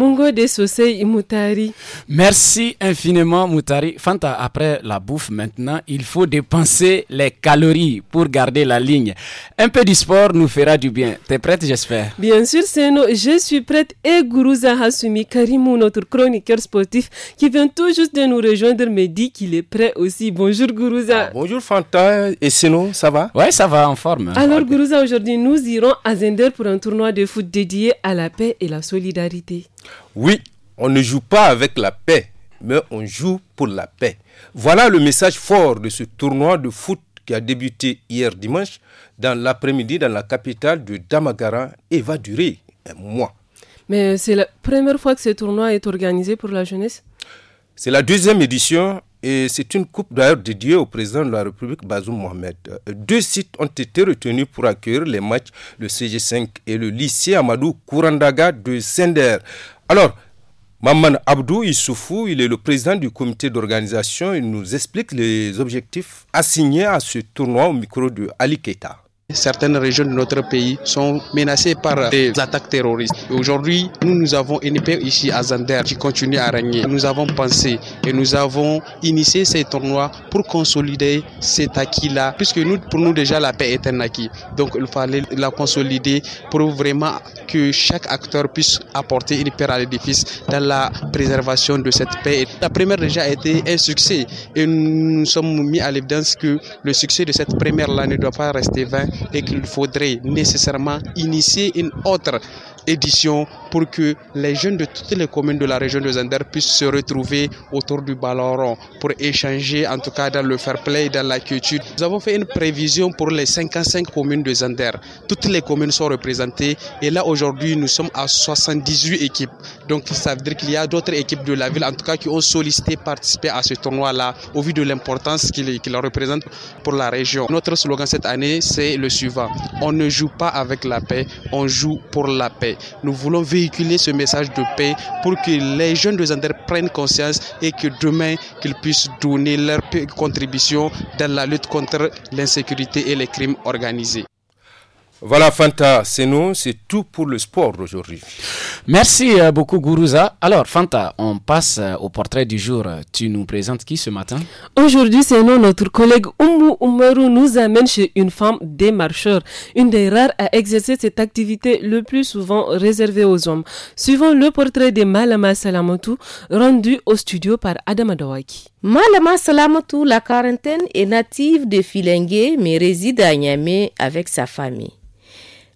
Mungo de Sosei Moutari. Merci infiniment, Moutari. Fanta, après la bouffe, maintenant, il faut dépenser les calories pour garder la ligne. Un peu du sport nous fera du bien. T'es prête, j'espère Bien sûr, Seno. Je suis prête. Et Guruza hasumi Karimou, notre chroniqueur sportif, qui vient tout juste de nous rejoindre, me dit qu'il est prêt aussi. Bonjour, Guruza. Ah, bonjour, Fanta. Et Seno, ça va Ouais, ça va, en forme. Alors, Guruza, aujourd'hui, nous irons à Zender pour un tournoi de foot dédié à la paix et la solidarité. Oui, on ne joue pas avec la paix, mais on joue pour la paix. Voilà le message fort de ce tournoi de foot qui a débuté hier dimanche dans l'après-midi dans la capitale de Damagara et va durer un mois. Mais c'est la première fois que ce tournoi est organisé pour la jeunesse C'est la deuxième édition et c'est une coupe d'ailleurs dédiée au président de la République Bazoum Mohamed. Deux sites ont été retenus pour accueillir les matchs, le CG5 et le lycée Amadou Kourandaga de Sender. Alors, Maman Abdou Issoufou, il est le président du comité d'organisation. Il nous explique les objectifs assignés à ce tournoi au micro de Ali Keita. Certaines régions de notre pays sont menacées par des attaques terroristes. Aujourd'hui, nous, nous avons une paix ici à Zander qui continue à régner. Nous avons pensé et nous avons initié ces tournois pour consolider cet acquis-là, puisque nous, pour nous déjà, la paix est un acquis. Donc, il fallait la consolider pour vraiment que chaque acteur puisse apporter une pierre à l'édifice dans la préservation de cette paix. La première déjà a été un succès et nous nous sommes mis à l'évidence que le succès de cette première-là ne doit pas rester vain et qu'il faudrait nécessairement initier une autre édition pour que les jeunes de toutes les communes de la région de Zander puissent se retrouver autour du ballon pour échanger, en tout cas dans le fair play, dans la culture. Nous avons fait une prévision pour les 55 communes de Zander. Toutes les communes sont représentées et là aujourd'hui nous sommes à 78 équipes. Donc ça veut dire qu'il y a d'autres équipes de la ville, en tout cas qui ont sollicité participer à ce tournoi-là au vu de l'importance qu'il représente pour la région. Notre slogan cette année, c'est le suivant. On ne joue pas avec la paix, on joue pour la paix. Nous voulons véhiculer ce message de paix pour que les jeunes de Zander prennent conscience et que demain, qu'ils puissent donner leur contribution dans la lutte contre l'insécurité et les crimes organisés. Voilà Fanta, c'est nous, c'est tout pour le sport aujourd'hui. Merci euh, beaucoup Gourouza. Alors Fanta, on passe euh, au portrait du jour. Tu nous présentes qui ce matin Aujourd'hui, c'est nous, notre collègue Oumu Oumaru nous amène chez une femme démarcheur, une des rares à exercer cette activité le plus souvent réservée aux hommes. Suivant le portrait de Malama Salamotou, rendu au studio par Adam Adawaki. Malama Salamotou, la quarantaine, est native de Filengue mais réside à Niamey avec sa famille.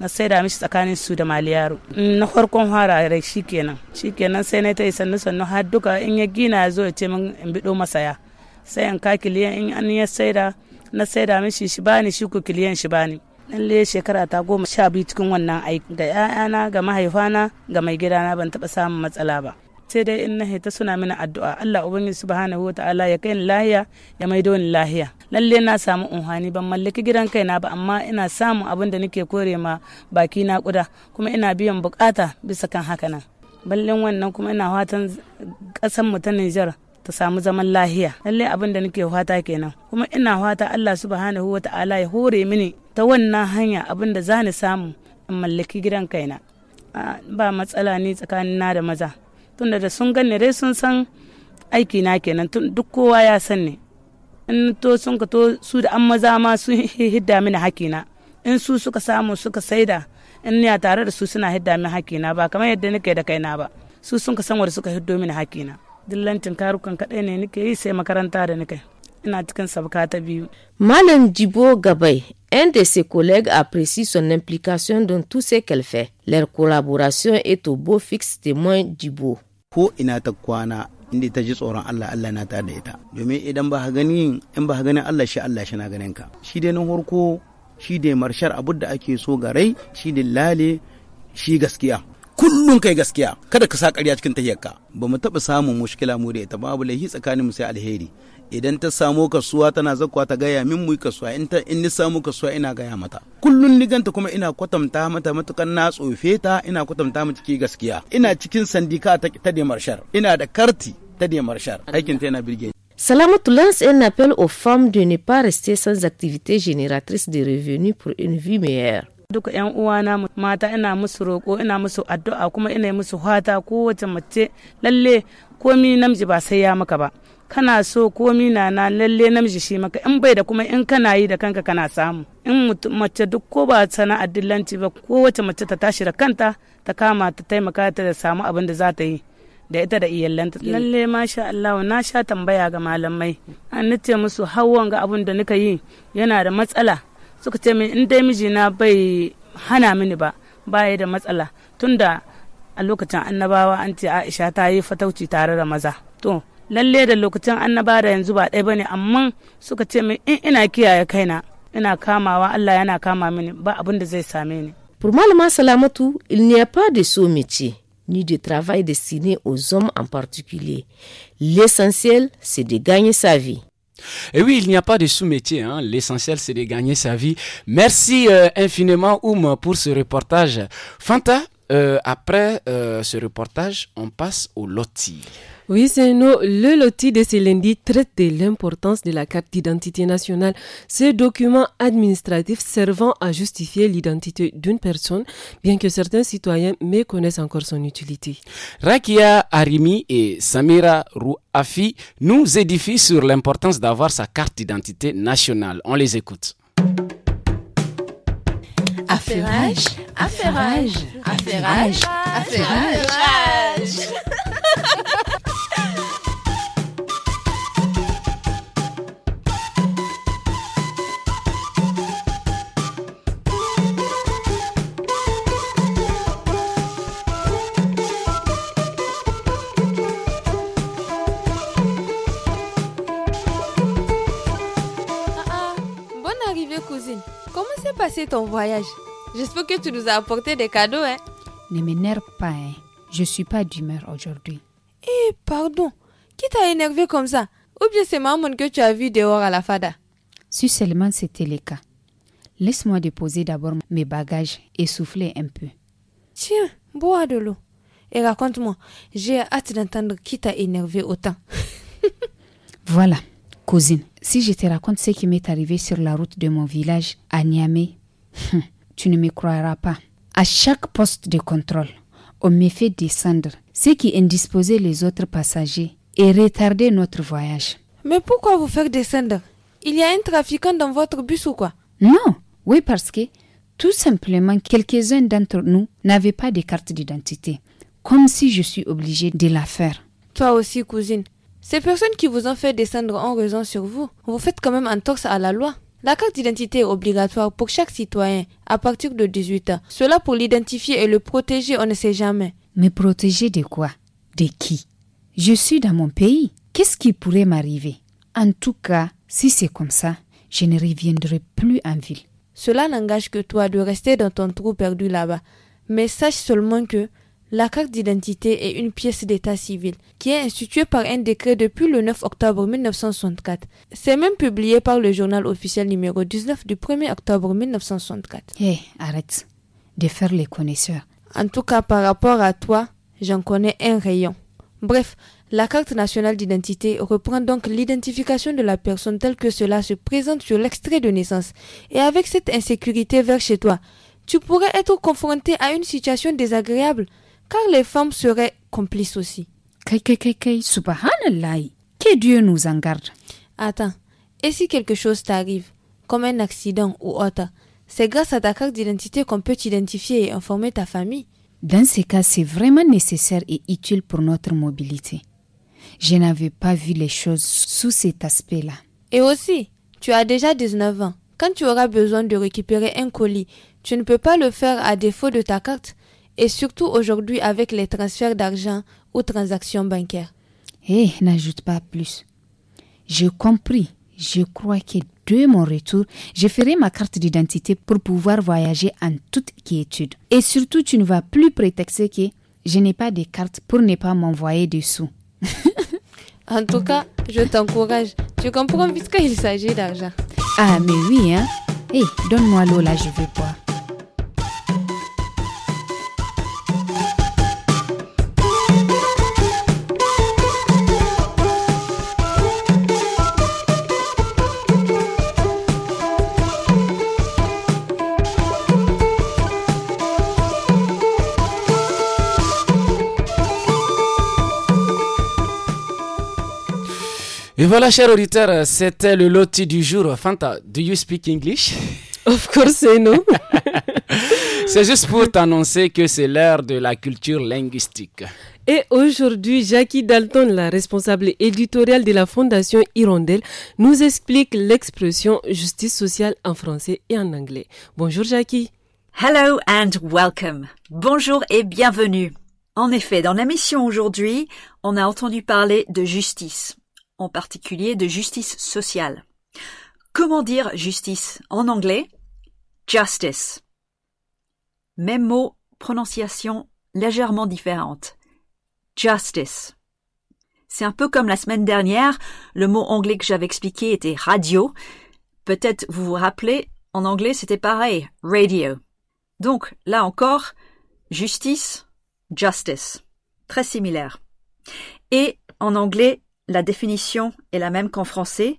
na saida mishi tsakanin su da maliyaro na farkon kenan shikenan shikenan sai na ta yi sannu sannu har duka in ya gina ya zo ya ce min in biɗo masaya sai in ka kiliyan in an ya saida na saida mishi shi bani shi ku kiliyan shi bani le shekara ta goma sha biyu cikin wannan aiki ga 'ya'yana ga mahaifana ga mai gidana ban taɓa samun matsala ba sai dai in na hita suna mini addu'a Allah ubangiji subhanahu wa ta'ala ya kai ni lahiya ya maido ni lahiya lalle na samu unhani ban mallaki gidan kaina ba amma ina samun abin da nake kore ma baki na kuda kuma ina biyan bukata bisa kan haka nan ballin wannan kuma ina fatan kasan mu ta Niger ta samu zaman lahiya lalle abin da nake fata kenan kuma ina fata Allah subhanahu wa ta'ala ya hore mini ta wannan hanya abin da zani samu in mallaki gidan kaina ba matsala ni tsakanin na da maza tunda da sun gane dai sun san aiki na kenan duk kowa ya san ne in to sun ka to su da an maza ma sun hidda mini hakina in su suka samu suka saida in ni a tare da su suna hidda mini hakina ba kamar yadda nake da kaina ba su sun ka san wanda suka hiddo mini hakina dillancin karukan kadai ne nake yi sai makaranta da nake ina cikin sabka ta biyu malam jibo gabai Un de ses collègues apprécie son implication dans tout ce qu'elle fait. Leur collaboration est au beau fixe témoin du beau. ko ina ta kwana inda ta ji tsoron Allah Allah na ta da ita domin idan ba ka gani in ba ka ganin Allah shi Allah shi na ganin ka shi dai na farko shi dai marshar abu da ake so garai shi dai lale shi gaskiya kullum kai gaskiya kada ka sa ƙarya cikin tahiyarka ba mu taɓa samun mushkila mu da ita babu laihi tsakanin mu sai alheri idan ta samo kasuwa tana zakwa ta gaya min mu kasuwa in ta in ni samu kasuwa ina gaya mata kullun ni ganta kuma ina kwatanta mata matukan na tsofe ta ina kwatanta mata cikin gaskiya ina cikin sandika ta, ta marshar ina da karti ta de marshar aikin ta yana birge Salamatu lance un appel aux femmes de ne pas rester sans activité génératrice de revenus pour une vie meilleure. duka yan uwana mata ina musu roƙo ina musu addu'a kuma ina musu fata kowace mace lalle komi namiji ba sai ya maka ba kana so komi na na lalle namiji shi maka in bai da kuma in kana yi da kanka kana samu in mace duk ko ba sana'a dillanci ba kowace mace ta tashi da kanta ta kama ta taimaka ta da samu abin da za ta yi da ita da iyalanta lalle masha Allah na sha tambaya ga malamai an nace musu hawan ga abun da nika yi yana da matsala suka ce min in dai mijina bai hana mini ba baya da matsala tunda a lokacin annabawa an ce aisha ta yi fatauci tare da maza to lalle da lokacin annaba da yanzu ba ɗaya bane amma suka ce min in ina kiyaye kaina ina kamawa Allah yana kama mini ba abin da zai same ni pour malama salamatu il n'y a pas de sot métier ni de travail destiné aux hommes en particulier l'essentiel c'est de gagner sa vie Et oui, il n'y a pas de sous-métier, hein. l'essentiel c'est de gagner sa vie. Merci euh, infiniment Oum pour ce reportage. Fanta, euh, après euh, ce reportage, on passe au loti. Oui, c'est nous. le loti de ce lundi traite l'importance de la carte d'identité nationale, ce document administratif servant à justifier l'identité d'une personne, bien que certains citoyens méconnaissent encore son utilité. Rakia Arimi et Samira Rouafi nous édifient sur l'importance d'avoir sa carte d'identité nationale. On les écoute. Affairage, affairage, affairage, affairage. passé ton voyage J'espère que tu nous as apporté des cadeaux, hein Ne m'énerve pas, hein. Je suis pas d'humeur aujourd'hui. Eh, pardon. Qui t'a énervé comme ça Ou bien c'est Maman que tu as vu dehors à la fada Si seulement c'était le cas. Laisse-moi déposer d'abord mes bagages et souffler un peu. Tiens, bois de l'eau. Et raconte-moi, j'ai hâte d'entendre qui t'a énervé autant. voilà, cousine. Si je te raconte ce qui m'est arrivé sur la route de mon village à Niamey, hum, tu ne me croiras pas. À chaque poste de contrôle, on me fait descendre, ce qui indisposait les autres passagers et retardait notre voyage. Mais pourquoi vous faire descendre Il y a un trafiquant dans votre bus ou quoi Non, oui parce que tout simplement quelques-uns d'entre nous n'avaient pas de carte d'identité, comme si je suis obligée de la faire. Toi aussi, cousine, ces personnes qui vous ont fait descendre en raison sur vous, vous faites quand même un torse à la loi. La carte d'identité est obligatoire pour chaque citoyen à partir de 18 ans. Cela pour l'identifier et le protéger, on ne sait jamais. Mais protéger de quoi De qui Je suis dans mon pays. Qu'est-ce qui pourrait m'arriver En tout cas, si c'est comme ça, je ne reviendrai plus en ville. Cela n'engage que toi de rester dans ton trou perdu là-bas. Mais sache seulement que la carte d'identité est une pièce d'état civil qui est instituée par un décret depuis le 9 octobre 1964. C'est même publié par le journal officiel numéro 19 du 1er octobre 1964. Hé, arrête de faire les connaisseurs. En tout cas, par rapport à toi, j'en connais un rayon. Bref, la carte nationale d'identité reprend donc l'identification de la personne telle que cela se présente sur l'extrait de naissance. Et avec cette insécurité vers chez toi, tu pourrais être confronté à une situation désagréable car les femmes seraient complices aussi. Kai, subhanallah, que Dieu nous en garde. Attends, et si quelque chose t'arrive, comme un accident ou autre, c'est grâce à ta carte d'identité qu'on peut t'identifier et informer ta famille. Dans ces cas, c'est vraiment nécessaire et utile pour notre mobilité. Je n'avais pas vu les choses sous cet aspect-là. Et aussi, tu as déjà 19 ans. Quand tu auras besoin de récupérer un colis, tu ne peux pas le faire à défaut de ta carte et surtout aujourd'hui avec les transferts d'argent ou transactions bancaires. Hé, eh, n'ajoute pas plus. J'ai compris. Je crois que de mon retour, je ferai ma carte d'identité pour pouvoir voyager en toute quiétude. Et surtout, tu ne vas plus prétexter que je n'ai pas de carte pour ne pas m'envoyer des sous. en tout cas, je t'encourage. Tu comprends puisqu'il s'agit d'argent. Ah, mais oui, hein. Hé, eh, donne-moi l'eau là, je veux boire. Et voilà, chers auditeurs, c'était le loti du jour. Fanta, do you speak English? Of course, no. c'est juste pour t'annoncer que c'est l'heure de la culture linguistique. Et aujourd'hui, Jackie Dalton, la responsable éditoriale de la Fondation Hirondelle, nous explique l'expression justice sociale en français et en anglais. Bonjour Jackie. Hello and welcome. Bonjour et bienvenue. En effet, dans la mission aujourd'hui, on a entendu parler de justice en particulier de justice sociale. Comment dire justice en anglais Justice. Même mot, prononciation légèrement différente. Justice. C'est un peu comme la semaine dernière, le mot anglais que j'avais expliqué était radio. Peut-être vous vous rappelez, en anglais c'était pareil, radio. Donc là encore, justice, justice. Très similaire. Et en anglais, la définition est la même qu'en français.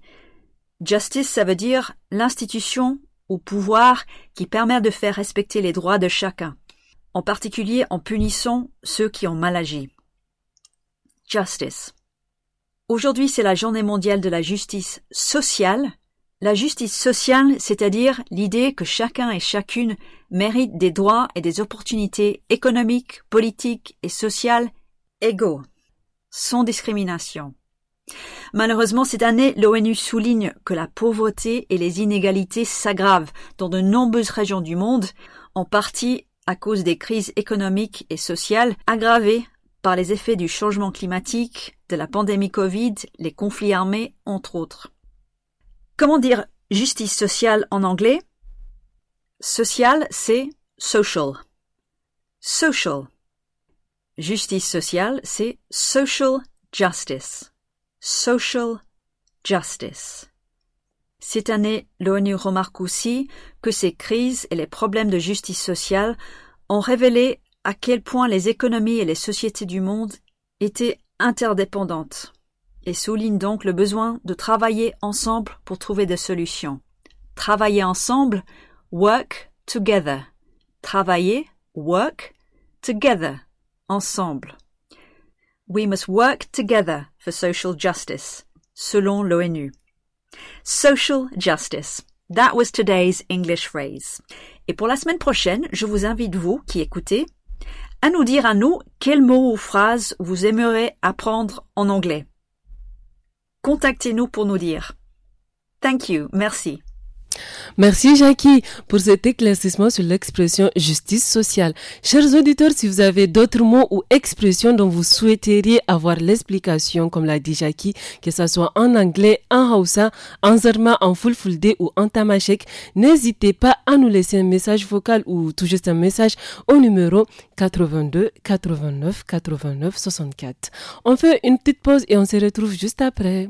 Justice, ça veut dire l'institution ou pouvoir qui permet de faire respecter les droits de chacun, en particulier en punissant ceux qui ont mal agi. Justice. Aujourd'hui, c'est la journée mondiale de la justice sociale. La justice sociale, c'est-à-dire l'idée que chacun et chacune mérite des droits et des opportunités économiques, politiques et sociales égaux, sans discrimination. Malheureusement, cette année, l'ONU souligne que la pauvreté et les inégalités s'aggravent dans de nombreuses régions du monde, en partie à cause des crises économiques et sociales aggravées par les effets du changement climatique, de la pandémie Covid, les conflits armés, entre autres. Comment dire justice sociale en anglais Social, c'est social. Social. Justice sociale, c'est social justice. Social Justice. Cette année, l'ONU remarque aussi que ces crises et les problèmes de justice sociale ont révélé à quel point les économies et les sociétés du monde étaient interdépendantes et souligne donc le besoin de travailler ensemble pour trouver des solutions. Travailler ensemble, work together. Travailler, work together, ensemble. We must work together for social justice, selon l'ONU. Social justice. That was today's English phrase. Et pour la semaine prochaine, je vous invite, vous qui écoutez, à nous dire à nous quels mots ou phrases vous aimerez apprendre en anglais. Contactez-nous pour nous dire. Thank you, merci. Merci Jackie pour cet éclaircissement sur l'expression justice sociale. Chers auditeurs, si vous avez d'autres mots ou expressions dont vous souhaiteriez avoir l'explication, comme l'a dit Jackie, que ce soit en anglais, en hausa, en zarma, en fulfulde ou en tamashek, n'hésitez pas à nous laisser un message vocal ou tout juste un message au numéro 82 89 89 64. On fait une petite pause et on se retrouve juste après.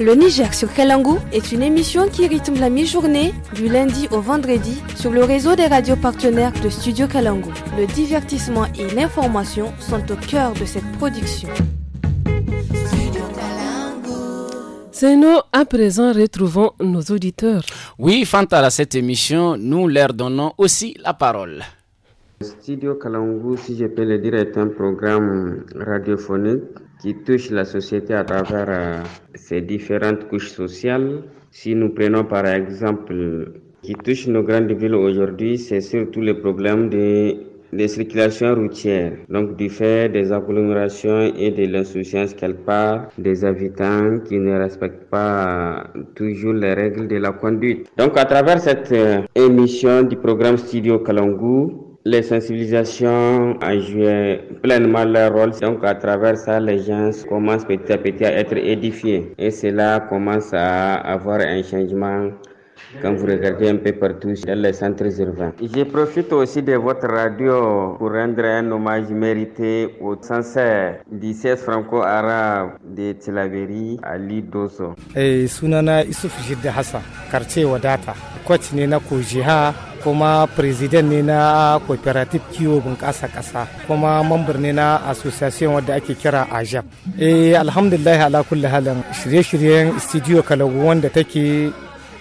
Le Niger sur Kalangu est une émission qui rythme la mi-journée du lundi au vendredi sur le réseau des radios partenaires de Studio Kalangu. Le divertissement et l'information sont au cœur de cette production. C'est nous à présent, retrouvons nos auditeurs. Oui, Fanta, à cette émission, nous leur donnons aussi la parole. Studio Kalangu, si je peux le dire, est un programme radiophonique qui touche la société à travers euh, ces ses différentes couches sociales. Si nous prenons par exemple qui touche nos grandes villes aujourd'hui, c'est surtout le problème de, de circulation routière, donc du fait des agglomérations et de l'insouciance quelque part des habitants qui ne respectent pas euh, toujours les règles de la conduite. Donc à travers cette euh, émission du programme Studio Kalangu, les sensibilisations ont joué pleinement leur rôle. Donc, à travers ça, les gens commencent petit à petit à être édifiés. Et cela commence à avoir un changement quand vous regardez un peu partout dans les centres urbains. Je profite aussi de votre radio pour rendre un hommage mérité au cancer du franco-arabe de Tilaberi, Ali Doso. Et eh, Sunana Issouf Jirde Hassan, quartier Wadata, coach kuma president ne na cooperative kiwo bunƙasa ƙasa kuma mambar ne na association wadda ake kira ajab eh alhamdulillah ala kulli halin shirye-shiryen studio kalagu wanda take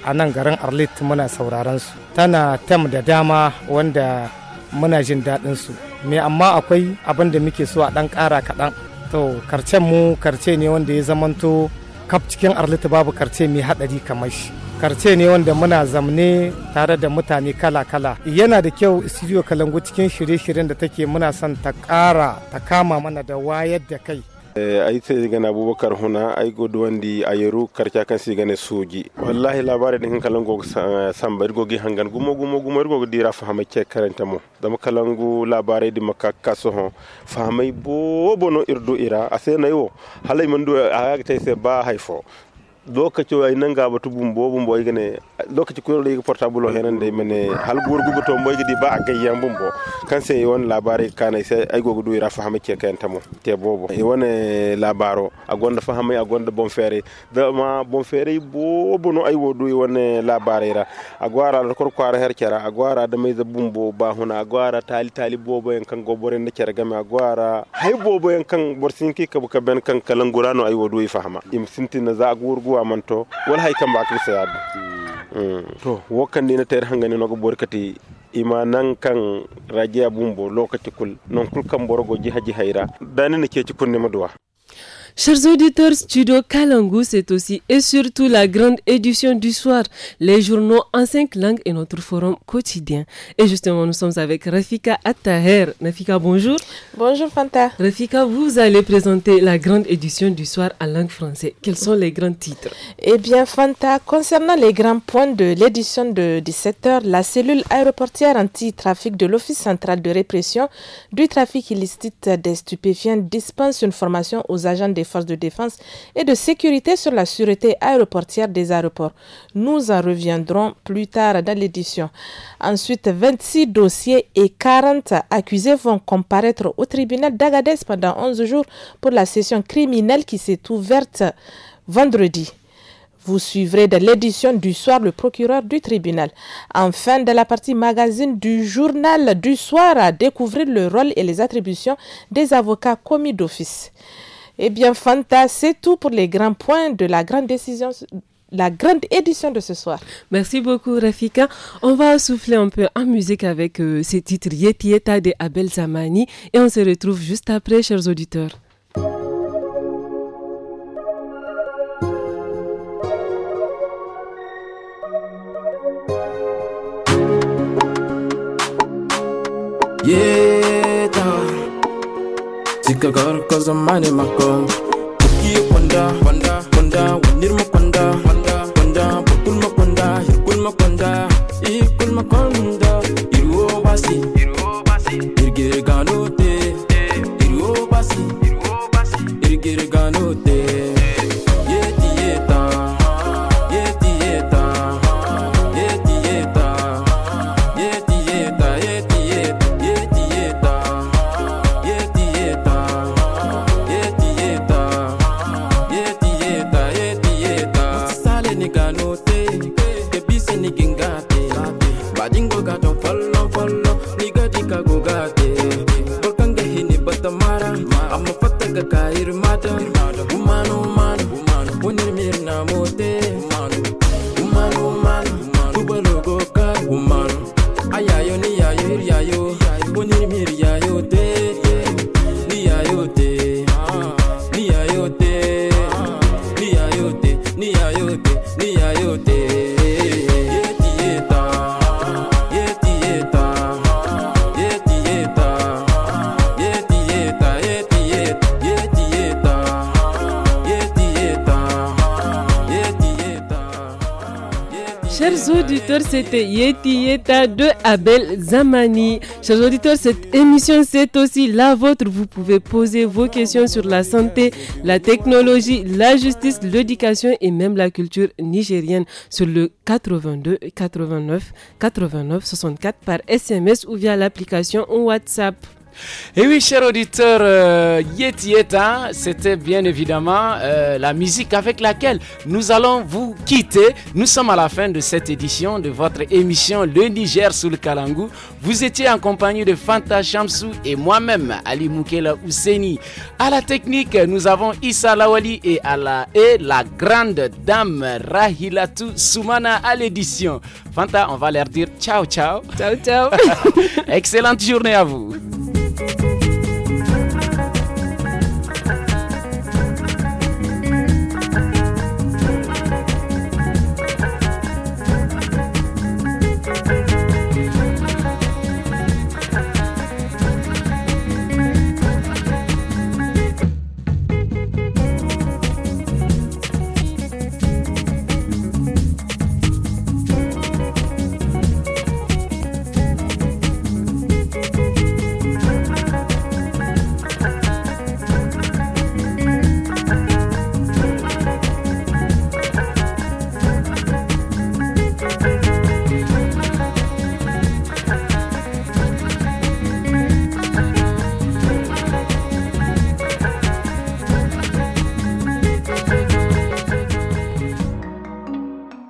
a nan garin arlit muna sauraron su tana tem da dama wanda muna jin daɗin su me amma akwai abin da muke so a ɗan kara kaɗan to karcen mu karce ne wanda ya zamanto kaf cikin arlit babu karce mai haɗari kamar shi karce ne wanda muna zamne tare da mutane kala-kala yana da kyau studio kalangu cikin shirye-shiryen da take muna son ta ƙara ta kama mana da wayar da kai eh, ai yi gana abubakar huna ai godo wanda a yeru karca kan si gane suji wallahi labari din kalango eh, samba irgo gogi hangan gumo gumo gumo irgo di rafa hama ke karanta mu mo dama kalango labarai di maka kaso ho fahimai bobo no irdo ira a sai na yi yo halai mando aga tai se ba haifo lokaci nan ga batu bumbo bumbo igene lokaci ko legi portable henen de mene hal bur gugo to mboy gidi ba agay yam bumbo kan se won labari kana se ay gogo du rafa hama ke kan tamo te bobo e won labaro agonda fa hama agonda bon fere da ma bon fere bobo no ay wodu e won labari ra a agwara kor kwara her kera a gwara da mai bumbo ba huna a gwara tali tali bobo en kan gobore ne kera game a gwara hay bobo en kan borsinki kabuka ben kan kalangurano ay wodu e fahama im sintina za gurgu guwa manto wal hay kamba ko sayad mm. to wokan dina ter hangani go borkati ima nan kan rajiya bumbo lokaci kul non kul kan borgo jiha jihaira dani na ke ci kunne maduwa Chers auditeurs, Studio Kalangu, c'est aussi et surtout la grande édition du soir, les journaux en cinq langues et notre forum quotidien. Et justement, nous sommes avec Rafika Attaher. Rafika, bonjour. Bonjour Fanta. Rafika, vous allez présenter la grande édition du soir en langue française. Quels sont les grands titres Eh bien Fanta, concernant les grands points de l'édition de 17h, la cellule aéroportière anti-trafic de l'Office central de répression du trafic illicite des stupéfiants dispense une formation aux agents des forces de défense et de sécurité sur la sûreté aéroportière des aéroports. Nous en reviendrons plus tard dans l'édition. Ensuite, 26 dossiers et 40 accusés vont comparaître au tribunal d'Agadez pendant 11 jours pour la session criminelle qui s'est ouverte vendredi. Vous suivrez de l'édition du soir le procureur du tribunal. Enfin, de la partie magazine du journal du soir à découvrir le rôle et les attributions des avocats commis d'office. Eh bien, Fanta, c'est tout pour les grands points de la grande décision la grande édition de ce soir. Merci beaucoup Rafika. On va souffler un peu en musique avec euh, ces titres titre Yetieta de Abel Zamani et on se retrouve juste après chers auditeurs. cause I'm minding my gum. Cookie, wonder, wonder, wonder, wonder, wonder, auditeurs, c'était Yeti Yeta de Abel Zamani. Chers auditeurs, cette émission, c'est aussi la vôtre. Vous pouvez poser vos questions sur la santé, la technologie, la justice, l'éducation et même la culture nigérienne sur le 82 89 89 64 par SMS ou via l'application WhatsApp. Et oui, cher auditeur, euh, c'était bien évidemment euh, la musique avec laquelle nous allons vous quitter. Nous sommes à la fin de cette édition de votre émission Le Niger sous le Kalangou. Vous étiez en compagnie de Fanta Chamsou et moi-même, Ali Moukela Ouseni. À la technique, nous avons Issa Lawali et, à la, et la grande dame Rahilatou Soumana à l'édition. Fanta, on va leur dire ciao, ciao. Ciao, ciao. Excellente journée à vous.